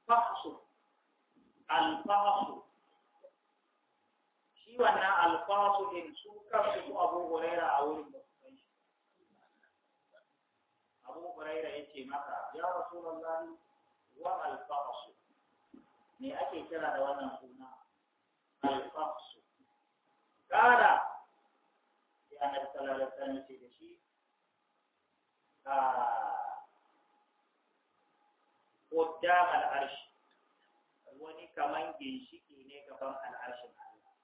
fahsu al-fahsu shi wannan al-fahsu din su kansu abu hurairah a wurin abu huraira ya ce maka ya rasulullahi wa alfahsu ne ake kira da wannan suna alfahsu ƙara ya annabi sallallahu alaihi wasallam ce da shi ƙudda al'arshi wani kaman ginshiki ne gaban al'arshi Allah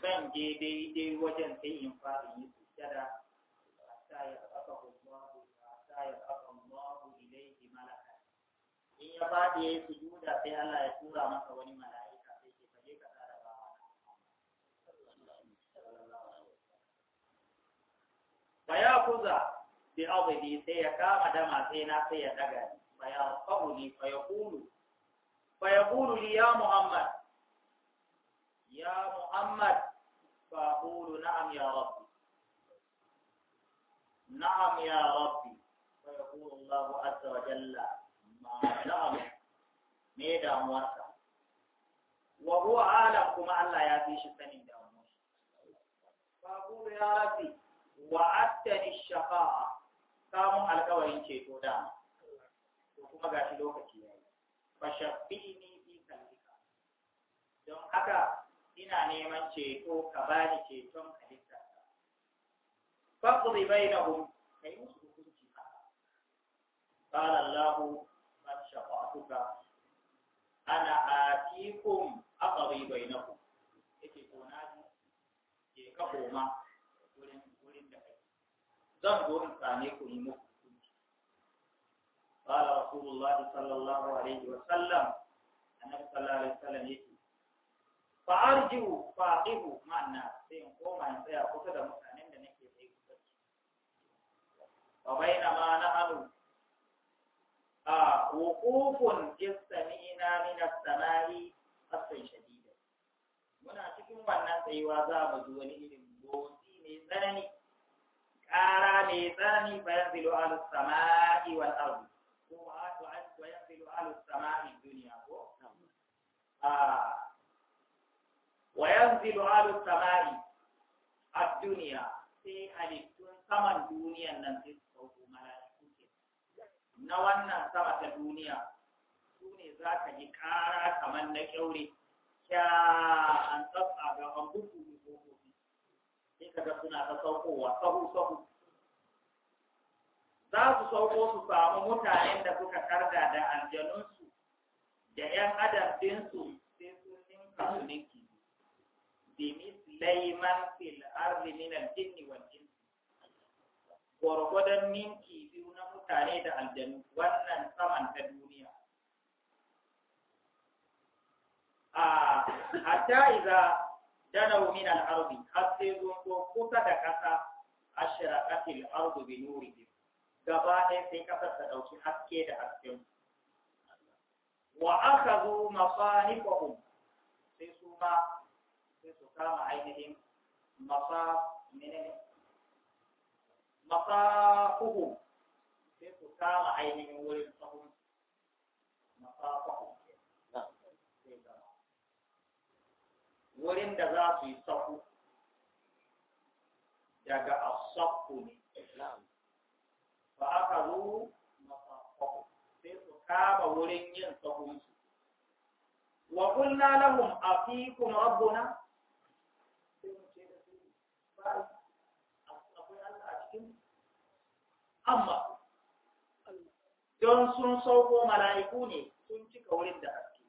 zan je daidai wajen sai in fara yi sujjada hatta yab'athahu Allahu in ya faɗi yayi sujuda sai Allah ya tura masa wani mala'ika sai ke faje ka tsara ba fa ya kuza bi aghdi sai ya kama dama sai na sai ya daga fa ya qawli fa fa li ya muhammad ya muhammad fa qulu na'am ya rabbi نعم يا ربي فيقول الله عز وجل ما نعم ميدا موسى وهو عالم كما الله يا يفيش سنين داموس فأقول يا ربي وعدتني الشفاعة كامو الكوين شيتو دام وكما قاشي لوكتي يعني فشفيني في قلبك دون حكا ina neman ceto ka bani ceton halitta faqdi bainahum kai musu hukunci ka qala allah man shafa'atuka ana atikum aqdi bai yake ko na ji ke ka koma gurin gurin da kai zan zo in ku yi muku hukunci qala rasulullah sallallahu alaihi wa sallam annabi sallallahu alaihi wa sallam yake fa arju fa aqibu ma'ana sai in koma in tsaya kusa da mutane وبين ما نحن آه، وقوف استمعنا من السماء أصل شديد منا تكون وانا سيوازا بجواني من بوتي ميزاني كارا ميزاني فينزل على السماء والأرض هو عاد وينزل على السماء الدنيا آه، وينزل على السماء الدنيا في حديث سمى الدنيا ننتظر sauko mala'iku ke na wannan sama ta duniya su ne za ka yi ƙara kamar na ƙyaure kya an tsatsa ga an buku ne kofofi sai ka ga suna ta saukowa sahu sahu za su sauko su samu mutanen da suka karga da aljanunsu da ‘yan adam sai sun ninka su ninki demis laiman fil arzi min al gwargwadon minti biyu na mutane da aljanu wannan saman ta duniya. A hata iza danau min al'arbi, har sai zo kusa da ƙasa a shiraƙatil al’arbi bi gaba ɗaya sai ƙasar ta ɗauki haske da hasken. Wa aka zo mafani sai su ma sai su kama ainihin mafa menene masafuhu sai ku kama ainihin wurin sahun masafuhu wurin da za su yi sahu daga asafu ne ba aka zo masafuhu sai su kama wurin yin sahunsu wa kulna lahum afikum rabbuna sai mu ce da su amma don sun sauko mala'iku ne sun cika wurin da haske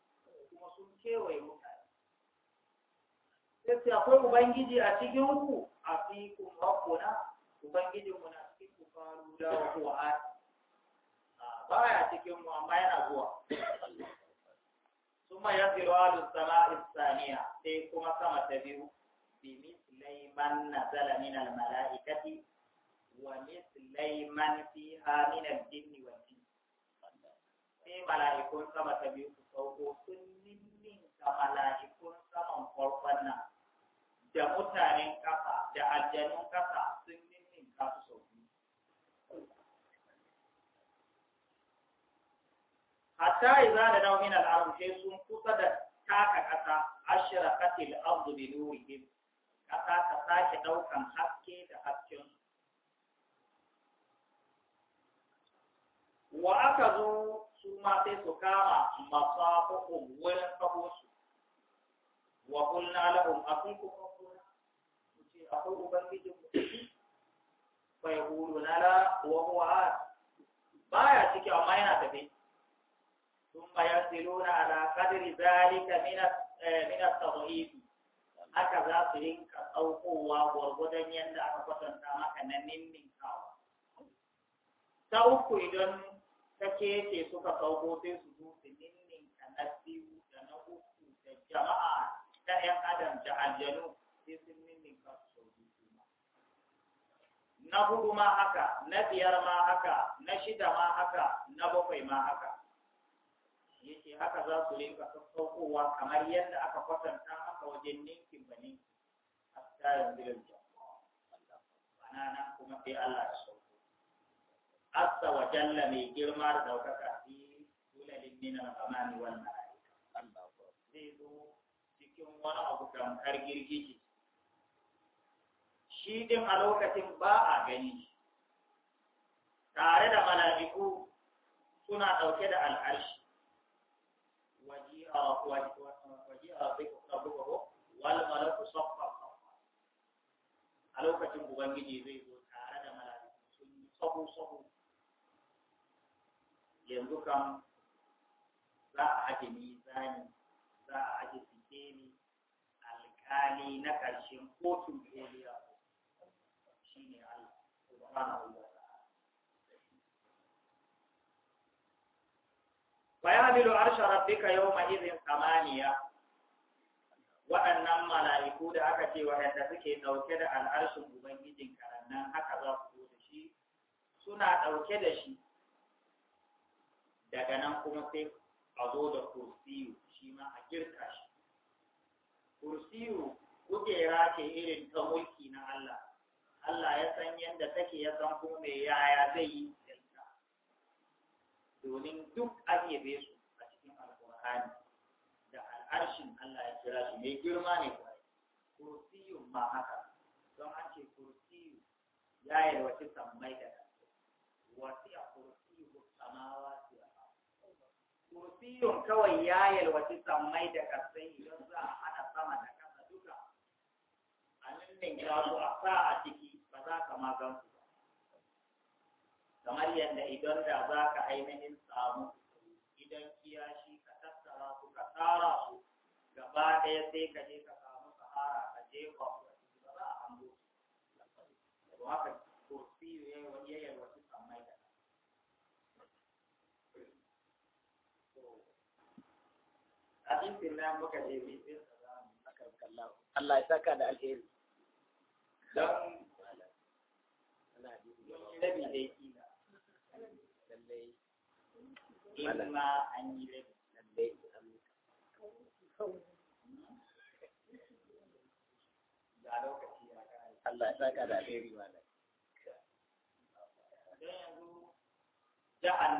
kuma sun kewaye mutane sai akwai ubangiji a cikin ku a fi kuma hakuna ubangiji na cikin ku faru da kuwa a baya cikin mu amma yana zuwa kuma ya ziro alu sama isaniya sai kuma kama ta biyu bi mislai man nazala min al mala'ikati wa mislai man fiha min al sai mala'ikun sama ta biyu su sauko sun ninninka mala'ikun saman farkon nan da mutanen ƙafa da aljanun kasa sun ninninka su sauki hatta idza da nau min al sai sun kusa da taka kasa ashraqatil ardu bi nurihim kasa ta sake ɗaukan haske da hasken su wa aka zo su ma sai su kama masafukum wurin kabosu wa kunna lahum akun kuma kuna su ce a akwai ubangijin ku fa na nala wa huwa ya ciki amma yana tafi thumma yasiluna ala qadri zalika minas min at-tadhib eh, haka za su rinka saukowa gwargwadon yadda aka kwatanta maka na nimmin kawa ta uku idan Kake keke suka sauko sai su zo su ninninka na biyu da na uku da jama'a ta ‘yan adam da aljanu sai sun ninninka su sauki Na hudu ma haka, na biyar ma haka, na shida ma haka, na bakwai ma haka. Yake haka za su rinka sassaukowa kamar yadda aka kwatanta haka wajen ninkin ba ninkin. a tsarin birnin jama'a. Ana kuma sai Allah ya so. asa wa jalla mai girma da daukaka fi sulalin min nina amani wannan zai zo cikin wani abu tamkar girgiji shi din a lokacin ba a gani tare da malamiku suna ɗauke da al'arshi waji a wal malaku saffa a lokacin ubangiji zai zo tare da malamiku sun sahu sahu yanzu kam za a aje mizani za a aje sikeli alƙali na ƙarshen kotun koliya shi ne Allah subhanahu wa ta'ala rabbika yawma idhin samaniya waɗannan mala'iku da aka ce waɗanda suke ɗauke da al'arshin ubangijin karannan haka za su zo da shi suna ɗauke da shi daga nan kuma sai a zo da kursiyu shi ma a girka shi kursiyu kujera ce irin ta mulki na Allah Allah ya san yadda take ya san kuma mai yaya zai yi da domin duk an su a cikin alkur'ani da al'arshin Allah ya kira shi mai girma ne kwarai kursiyun ma haka don an ce kursiyu ya yi yalwaci sammai da Wasu a kursiyu samawa kursiyun kawai ya yalwaci sammai da kasai idan za a hana sama da kasa duka a nan da su a sa a ciki ba za ka magan su ba kamar yadda idan da za ka ainihin samu idan kiyashi ka tattara su ka tsara su gaba ɗaya sai ka je ka samu sahara ka je ba ba za a hango su haka siyo ya yalwaci hadisin nan muka Allah ya saka da alheri Allah ya saka da alheri yanzu za a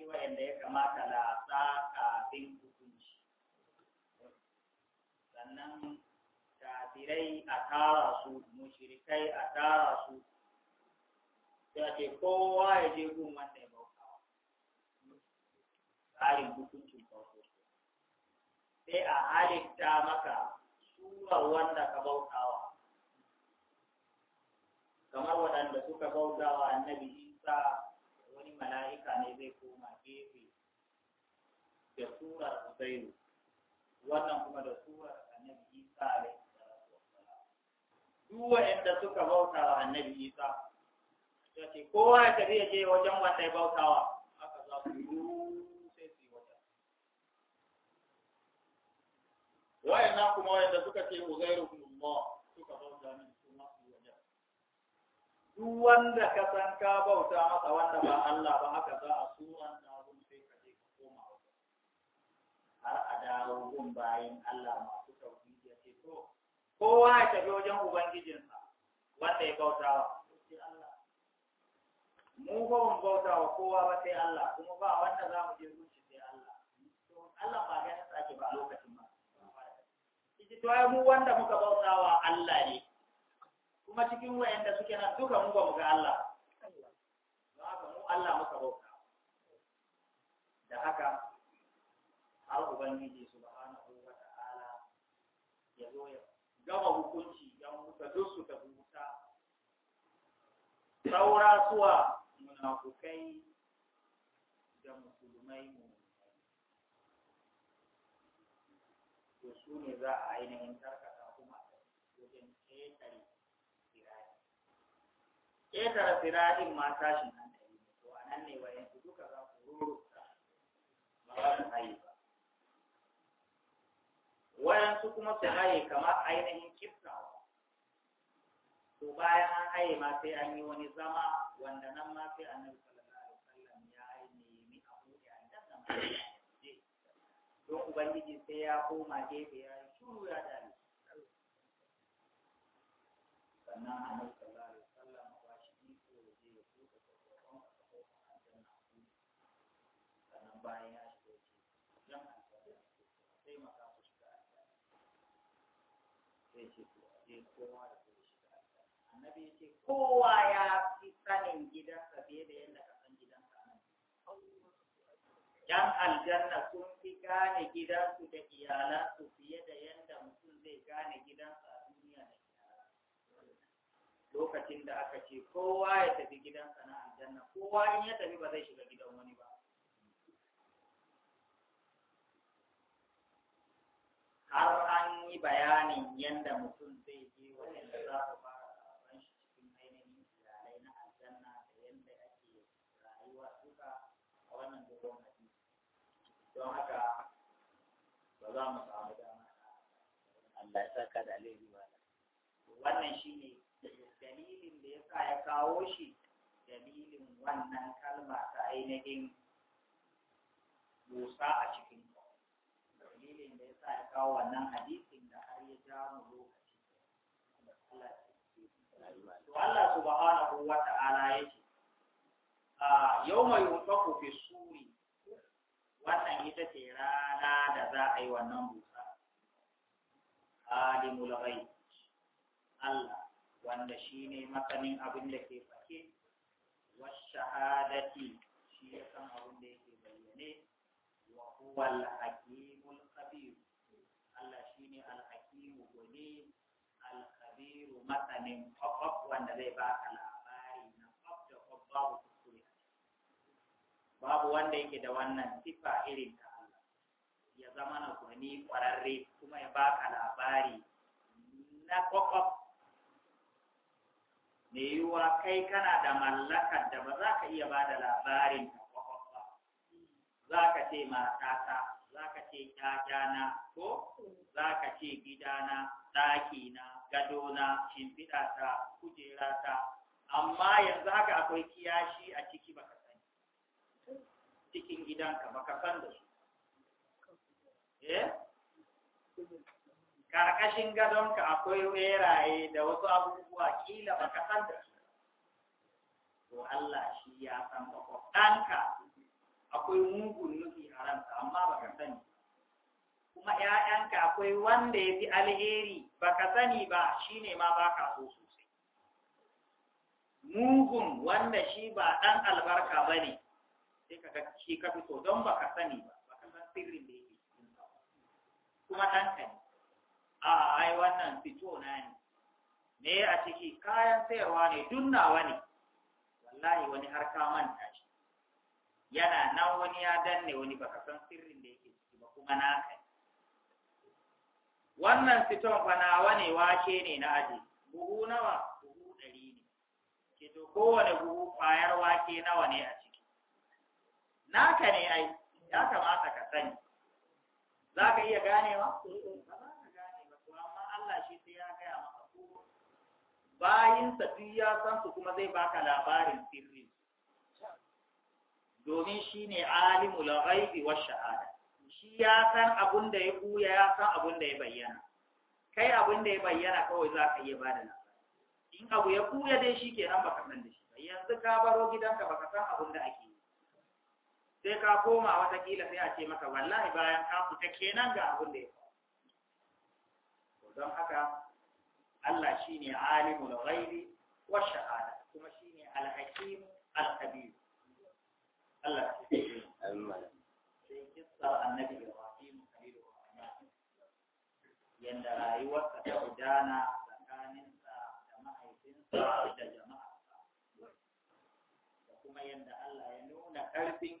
lalace wa'anda ya kamata sa kafin hukunci sannan kafirai a tara su mushrikai a tara su da ke kowa ya je gun wanda ya bautawa tsarin hukuncin farko sai a halitta maka surar wanda ka bautawa kamar waɗanda suka bautawa annabi isa wani mala'ika ne zai koma da wannan kuma da Annabi Isa alaihi salatu wassalam duk wanda suka bauta wa Annabi Isa ce kowa ya tafi je wajen wanda ya haka za su yi sai su kuma wanda suka ce Uzairu suka bauta kuma duk wanda ka san ka bauta masa wanda ba Allah ba haka za a so dawo gun bayan Allah masu tauhidi ya ce to kowa ya tafi wajen ubangijinsa wanda ya bauta wa Allah mu ba mu bauta wa kowa ba sai Allah kuma ba wanda za mu je zuci sai Allah to Allah ba ganin tsaki ba a lokacin ba kiji to ai mu wanda muka bauta wa Allah ne kuma cikin wayanda suke nan duka mu ba mu ga Allah ba mu Allah muka bauta da haka har ubangiji subhanahu wa ta'ala ya zo ya gama hukunci don wuta duk su tafi wuta saura suwa munafukai da musulmai mu to su ne za a ainihin tarkata kuma wajen ƙetare firari ƙetare firarin ma tashin hankali to a nan ne wayan duka za ku rurrukta ba za su ba. wayansu kuma su haye kamar ainihin kiftawa to bayan an haye ma sai an yi wani zama wanda nan ma sai annabi sallallahu alaihi wasallam ya yi nemi a buɗe a dasa don ubangiji sai ya koma gefe ya yi shuru ya dani sannan annabi kowa ya fi sanin gidansa fiye da yadda ka san gidansa yan aljanna sun fi gane gidansu da iyalansu fiye da yadda mutum zai gane gidansa a duniya da lokacin da aka ce kowa ya tafi gidansa na aljanna kowa in ya tafi ba zai shiga gidan wani ba har an yi bayanin yadda mutum zai je wajen da za su don haka ba za mu samu dama Allah ya saka da alheri ba wannan shine dalilin da yasa ya kawo shi dalilin wannan kalma ta ainihin musa a cikin dalilin da yasa ya kawo wannan hadisin da har ya ja mu lokaci to Allah subhanahu wa ta'ala yake a ah, yawma yunfaku fi suri wannan ita ce rana da za a yi wannan busa alimul ghaib Allah wanda shine masanin abin da ke fake was shahadati shi ya san abin da yake bayyane wa huwa hakimul khabir Allah shine al-hakimu gone al-khabiru masanin wanda zai ba ka labari na kwaf da kwaf babu wanda yake da wannan sifa irin ta Allah ya zama na gwani kwararre kuma ya baka labari na kwakwaf me yiwuwa kai kana da mallakar da ba za ka iya ba da labarin ta kwakwaf ba za ka ce matata za ka ce ƴaƴana ko za ka ce gidana ɗakina gadona shimfiɗata kujerata amma yanzu haka akwai kiyashi a ciki ka cikin gidanka ba ka san da su eh karkashin gadonka akwai weraye da wasu abubuwa kila ba ka san da su to Allah shi ya san makwabtanka akwai mugun nufi haramta amma ba ka sani kuma ‘ya'yanka akwai wanda ya fi alheri ba ka sani ba shi ne ma ba ka so sosai. Mugun wanda shi ba ɗan albarka ba ne, sai ka ga shi ka fi don ba ka sani ba ba ka san sirrin da yake cikin ba kuma ɗanka ne a ai wannan fito na ne me a ciki kayan sayarwa ne dunnawa ne wallahi wani har ka manta shi yana nan wani ya danne wani ba ka san sirrin da yake ciki ba kuma na kai wannan fiton fa nawa ne wake ne na aje buhu nawa buhu ɗari ne ke to kowane buhu kwayar wake nawa ne a naka ne ai ya kamata ka sani za ka iya ganewa ba za ka gane ba amma Allah shi sai ya gaya maka bayinsa duk ya san su kuma zai baka labarin sirri domin shi ne alimul ghaibi wa shahada shi ya san abun da ya buya ya san abun da ya bayyana kai abun da ya bayyana kawai za ka iya bada nan in abu ya buya dai shi kenan baka san da shi yanzu ka baro gidanka baka san abun da ake sai ka koma watakila sai a ce maka wallahi bayan ka fita kenan ga abin da ya don haka Allah shi ne alimul ghaibi wa shahada kuma shi ne alhakim alhabib Allah shi ne sai kissar annabi Ibrahim Khalilu Rahman yanda rayuwarsa ta gudana tsakaninsa da mahaifinsa da jama'arsa da kuma yanda Allah ya nuna ƙarfin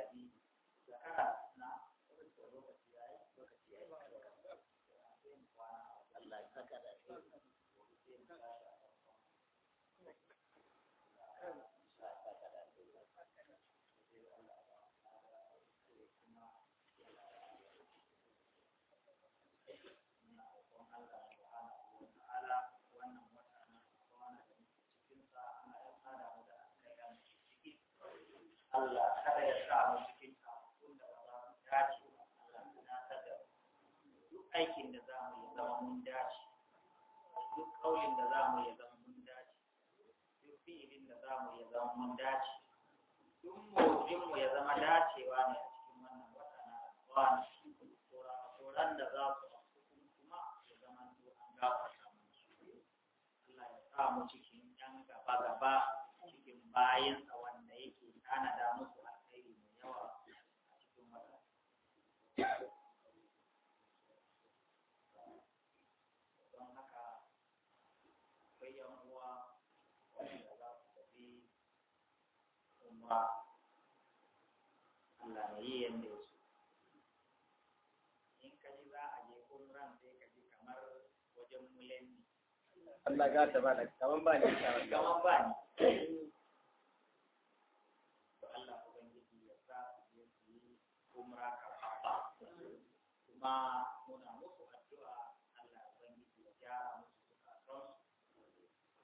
mu ya zama mun dace duk fi'ilin da za mu ya zama mun dace duk motsin mu ya zama dacewa ne a cikin wannan wata na Ramadan tsoron da za su kuma ya zama to an gafarta mu Allah ya sa mu cikin yan gaba gaba cikin bayan ba Allah ya yi yadda ya so in ka za a je umran sai kaji kamar wajen mulenni Allah ga ta bana kaman ba ni kaman ba ni to Allah ubangiji ya sa su je su yi umra karfafa kuma muna musu addu'a Allah ubangiji ya gyara musu zukatan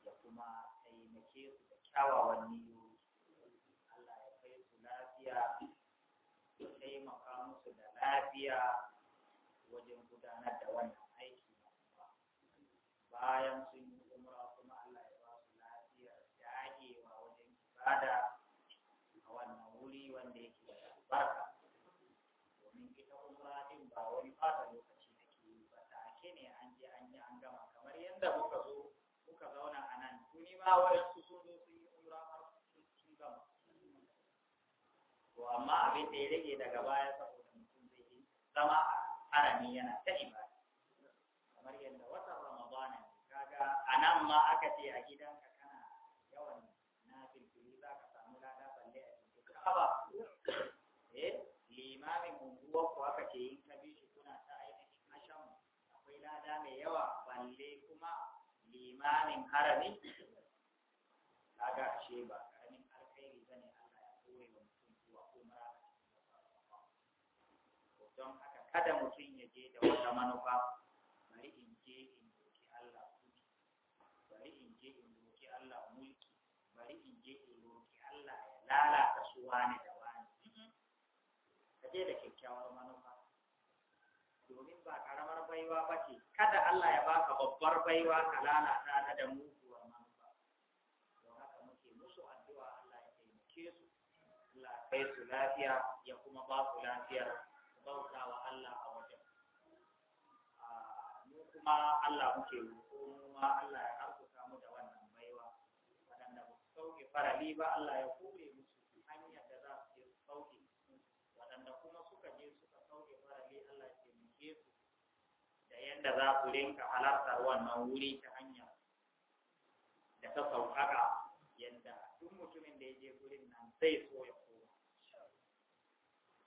ya kuma taimake su da kyawawan niyya lafiya wajen gudanar da wannan aiki bayan sun yi umra kuma Allah ya ba su lafiyar dagewa wajen ibada a wannan wuri wanda yake da albarka domin ita umra din ba wani fata lokaci da yi ba take ne an je an yi an gama kamar yadda muka zo muka zauna a nan tuni ma wani su sun zo sun yi umra har sun gama to amma abin da ya rage daga baya saboda zama harami yana ta ibada kamar yadda watan ramadana kaga anan ma aka ce a gidanka kana yawan nafilfili za ka samu lada balle a cikin kaba eh limamin unguwar ku aka ce in ka bi shi kuna ta ainihin ashan akwai lada mai yawa balle kuma limamin harami kaga ashe ba karamin alkhairi bane Allah ya kore wa mutum zuwa ko mara don haka kada mutum ya je da wata manufa bari in je in doki Allah mulki bari in je in doki Allah mulki bari in je in roki Allah ya lalata su wani da wani ka je da kyakkyawar manufa domin ba karamar baiwa ba ce kada Allah ya baka babbar baiwa ka lalata ta da muguwar manufa don haka muke musu addu'a Allah ya taimake ya kai su lafiya ya kuma ba su lafiyar bauta wa Allah a wajen mu kuma Allah muke roƙo mu ma Allah ya harkuta mu da wannan baiwa waɗanda ba su sauke farali ba Allah ya kore musu hanyar da za su je su sauke waɗanda kuma suka je suka sauke farali Allah ya taimake su da yadda za su rinka halartar wannan wuri ta hanyar da ta sauƙaƙa yadda duk mutumin da ya je wurin nan zai so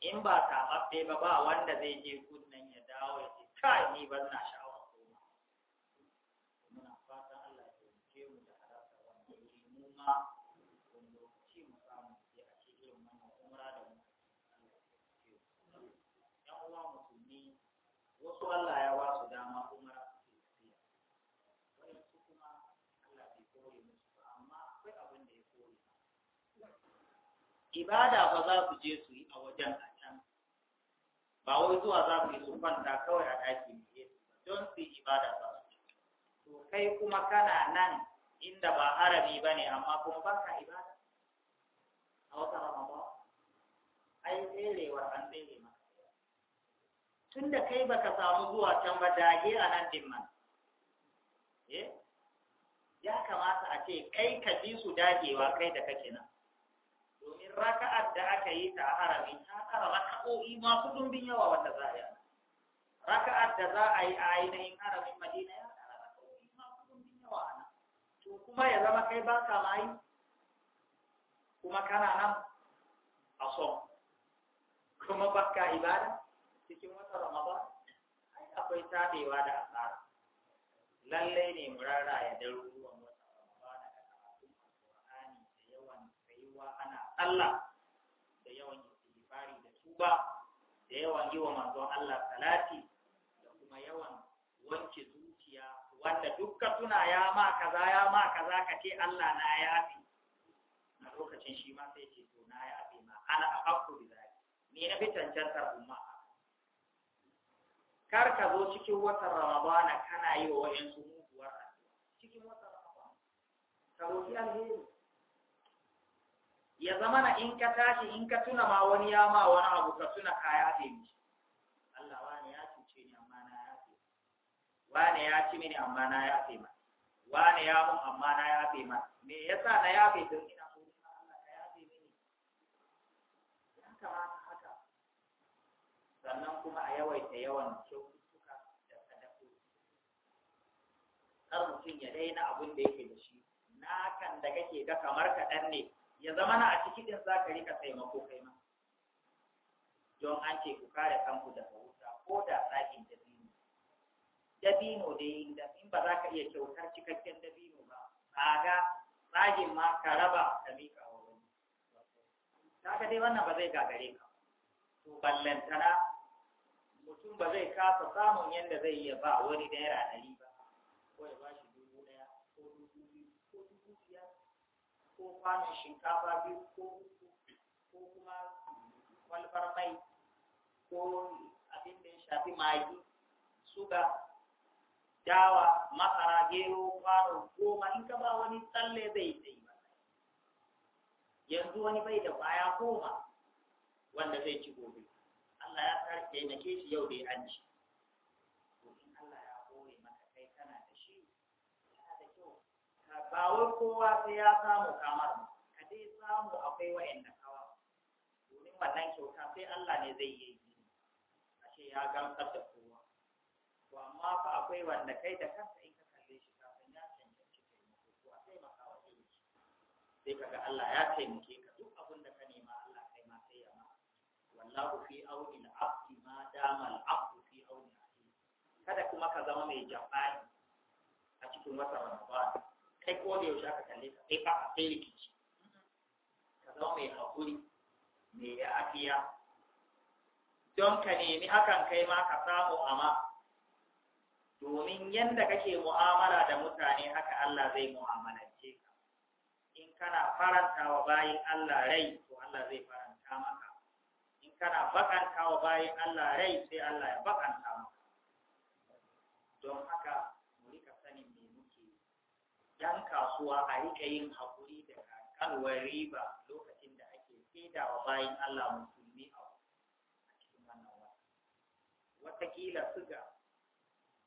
in ba taɓaɓɓe ba ba wanda zai je kunnan ya dawo ya ce kai ni ba na sha'awar koma muna fata Allah ya taimake mu da harasa wanda yi mu ma wani lokaci mu samu ya a ce irin mana umra da mu Ya uwa musulmi wasu Allah ya ba su dama umra su tafiya wani su kuma Allah bai kore musu ba amma akwai abin da ya kore ibada ba za ku je su yi a wajen ba wai zuwa za su yi su kwanta kawai a ɗaki ne don su yi ibada ba to kai kuma kana nan inda ba harami ba ne amma kuma ba ka ibada a wata ba, ai tserewar an tsere ma tun da kai baka samu zuwa can ba dage a nan din man eh? ya kamata a ce kai ka ji su dagewa kai da kake nan raka'ar da aka yi ta harami ta tsara raka'o'i ma kudin bin yawa wanda za a yi raka'ar da za a yi a yi ainihin harami madina ya tsara raka'o'i ma kudin bin yawa ana to kuma ya zama kai ba ka mayi kuma kana nan a son kuma ba ka ibada cikin wata ai akwai tabewa da asara lallai ne murara ya daru Allah da yawan istighfari da tuba da yawan yi wa manzon Allah salati da kuma yawan wanke zuciya wanda dukka tuna ya ma kaza ya ma kaza ka ce Allah na ya fi a lokacin shi ma sai ce to na ya fi ma ana haƙƙo da zai ni na fi cancantar umma kar ka zo cikin watan Ramadana kana yi wa wayansu muguwar cikin watan Ramadana ka roki alheri ya zama na in ka tashi in ka tuna ma wani ya ma wani abu ka tuna ka ya fi mishi Allah wani ya cuce ni amma na ya fi wani ya ci mini amma na ya fi ma wani ya mun amma na ya fi ma me yasa na ya fi don ina so Allah ka ya fi mini ya kamata haka sannan kuma a yawaita yawan kyaututtuka da sadakoki kar mutum ya daina abin da yake da shi Na kan da kake ga kamar kaɗan ne ya zama na a ciki din za ka rika taimako kai ma don an ce ku kare kanku daga wuta ko da tsakin dabino dabino dai da in ba za ka iya kyautar cikakken dabino ba tsaga tsagin ma ka raba ka miƙa wa wani kaga dai wannan ba zai gagare ka to ballantana mutum ba zai kasa samun yadda zai iya ba wani naira ɗari ko kwanon shinkafa biyu ko kuma kwalbar mai ko abin da ya shafi magi suga dawa masara gero kwano goma in ka ba wani tsalle zai yi yanzu wani bai da kwaya goma wanda zai ci gobe Allah ya tarke na ke shi yau da ya an ci ba wai kowa sai ya samu kamar ka dai samu akwai wa'anda kawa domin wannan kyauta sai Allah ne zai yi ashe ya gamsar da kowa to amma fa akwai wanda kai da kanka in ka kalle shi kafin ya cancanci taimako ko a taimaka wa ɗaya sai kaga Allah ya taimake ka duk abin da ka nema Allah kai ma sai ya ma wallahu fi auni al-abdi ma dama al-abdu fi auni kada kuma ka zama mai jafani a cikin wata ba kai ko da yaushe aka kalle ka kai fa kai rikici ka zama mai hakuri mai afiya don ka nemi akan kai ma ka samu amma. domin yanda kake mu'amala da mutane haka Allah zai mu'amalance ka in kana faranta wa bayin Allah rai to Allah zai faranta maka in kana bakanta wa bayin Allah rai sai Allah ya bakanta maka don haka yan kasuwa a rika yin haƙuri da kalwar riba lokacin da ake saida wa bayan Allah musulmi a cikin wannan wata. Watakila suga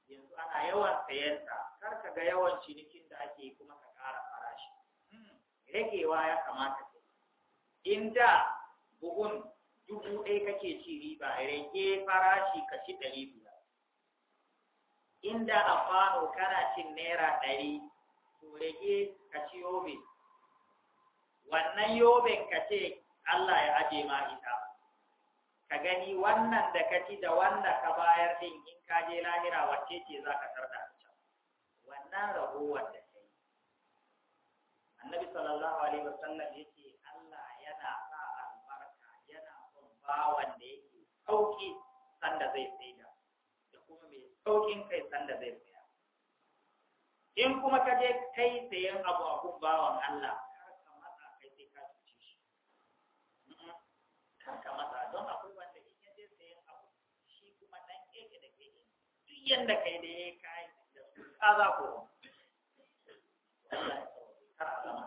yanzu ana yawan sayanta kar ka ga yawan cinikin da ake kuma ka ƙara farashi. Hmm, ragewa ya kamata ka In da buhun dubu ɗaya kake ci riba rage farashi kashi ɗari biyar. In da a fano kana cin naira ɗari to ka ci yobe wannan yoben ka ce Allah ya aje ma ita ka gani wannan da ka ci da wanda ka bayar din in ka je lahira wacce ce za ka tarda ta wannan ragowar da yi. annabi sallallahu alaihi wasallam ce Allah yana sa albarka yana son bawan da yake sauki sanda zai saida da kuma mai saukin kai sanda zai saida in kuma ka je kai sayan abu a kun bawan Allah karka matsa kai sai ka cuce shi karka matsa don akwai wanda in ya je sayan abu shi kuma dan keke da keke duk yanda kai da ya kai da su ka za ku kar a zama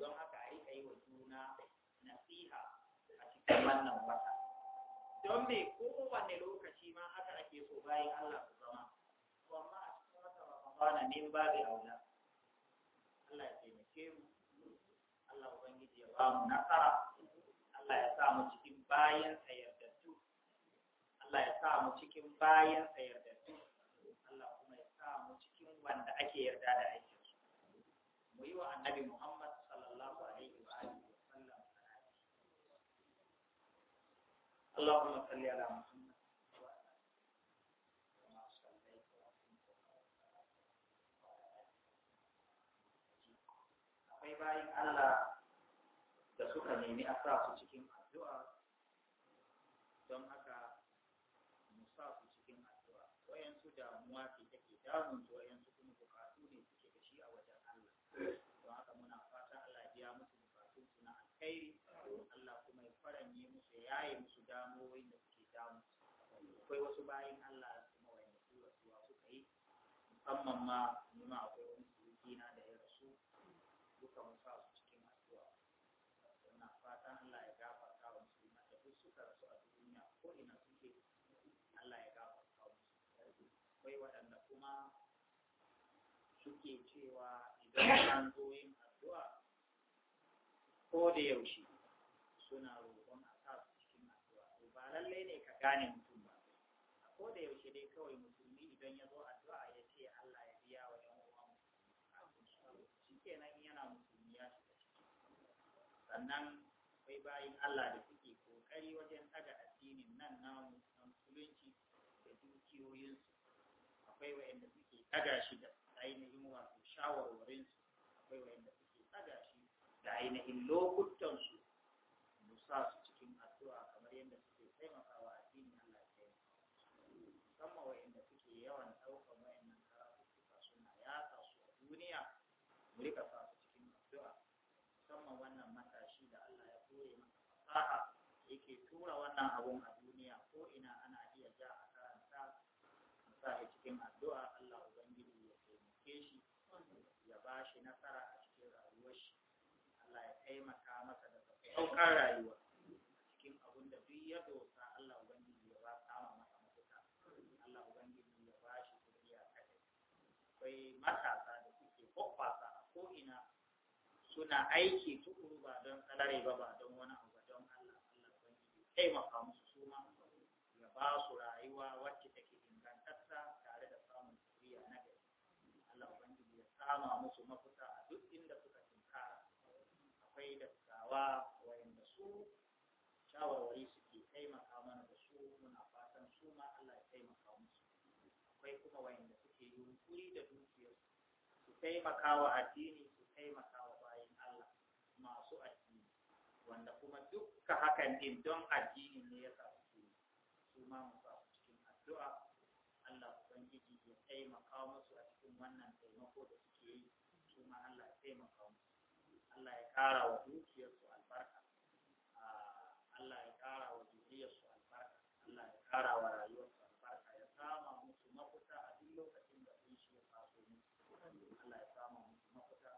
don haka a yi wa juna nasiha a cikin wannan wata don bai kowane lokaci amfana min babu aula Allah ya taimake mu Allah ubangiji ya ba mu nasara Allah ya sa mu cikin bayan sa yardattu Allah ya sa mu cikin bayan sa yardattu Allah kuma ya sa mu cikin wanda ake yarda da aikin su mu yi wa annabi Muhammad sallallahu alaihi wa alihi wa sallam اللهم صل على محمد bayan Allah da suka nemi a sa su cikin addu'a don haka mu sa su cikin addu'a wayansu damuwa ke take damun su wayansu kuma bukatu ne suke da shi a wajen Allah don haka muna fatan Allah biya musu bukatun su na alkhairi Allah kuma ya faranye musu ya yaye musu damuwoyin da suke damun su akwai wasu bayan Allah kuma suka yi musamman ma nuna akwai idan an zo ko da yaushe suna roƙon a sa su cikin addu'a to ba lallai ne ka gane mutum ba ko da yaushe dai kawai musulmi idan ya zo addu'a ya ce Allah ya biya wa yan uwa musulmi shikenan yana musulmi ya shiga ciki sannan akwai bayin Allah da suke kokari wajen daga addinin nan namu na musulunci da dukiyoyinsu akwai wa'anda suke daga shi da ainihin shawarwarinsu akwai wanda suke tsaga shi da ainihin lokutansu mu sa su cikin addu'a kamar yadda suke taimakawa a addini Allah ya yi musamman wa'inda suke yawan ɗaukar wa'innan karatuttuka suna yatsa su a duniya mu rika sa su cikin addu'a musamman wannan matashi da Allah ya koye masa fasaha yake tura wannan abun a duniya ko ina ana iya ja a karanta mu cikin addu'a Allah taimaka masa da saukar rayuwa cikin abin da duk ya dosa Allah ubangiji ya ba ma masa mafita Allah ubangiji ya ba shi kuriya kai akwai matasa da suke hoppasa a ko'ina suna aiki tukuru ba don salari ba ba don wani abu don Allah Allah ubangiji taimaka musu su ma ya ba su rayuwa wacce take ingantatta tare da samun kuriya na gari Allah ubangiji ya sama musu mafita gaba wayanda su shawarwari suke taimaka mana da su muna fatan su ma Allah ya taimaka musu akwai kuma wayanda suke yunkuri da dukiyar su taimaka wa addini su taimaka wa bayin Allah masu addini wanda kuma dukka hakan din don addini ne ya sa su su ma mu samu cikin addu'a Allah ubangiji ya taimaka musu a cikin wannan taimako da suke yi su ma Allah ya taimaka musu Allah ya kara wa dukiyarsu ƙara wa rayuwarsu albarka ya sama musu mafita a duk lokacin da kunshi ya faso musu Allah ya sama musu mafita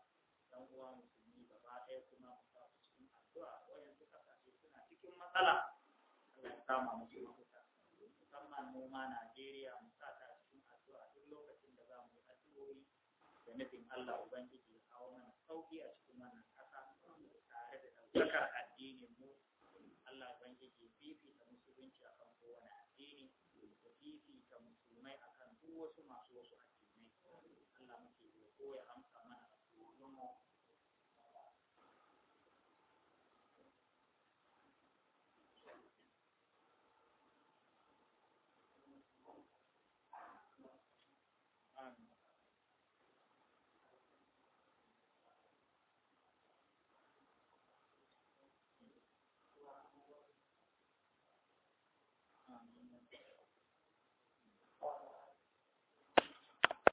dan uwa musulmi gaba ɗaya kuma mu sa su cikin addu'a wayan suka kashe suna cikin matsala Allah ya sama musu mafita musamman mu ma Najeriya mu sa ta cikin addu'a duk lokacin da za mu yi addu'o'i da nufin Allah ubangiji ya kawo mana sauki a cikin wannan ƙasa tare da ɗaukaka wasu masu wasu addinai Allah muke roƙo ya amsa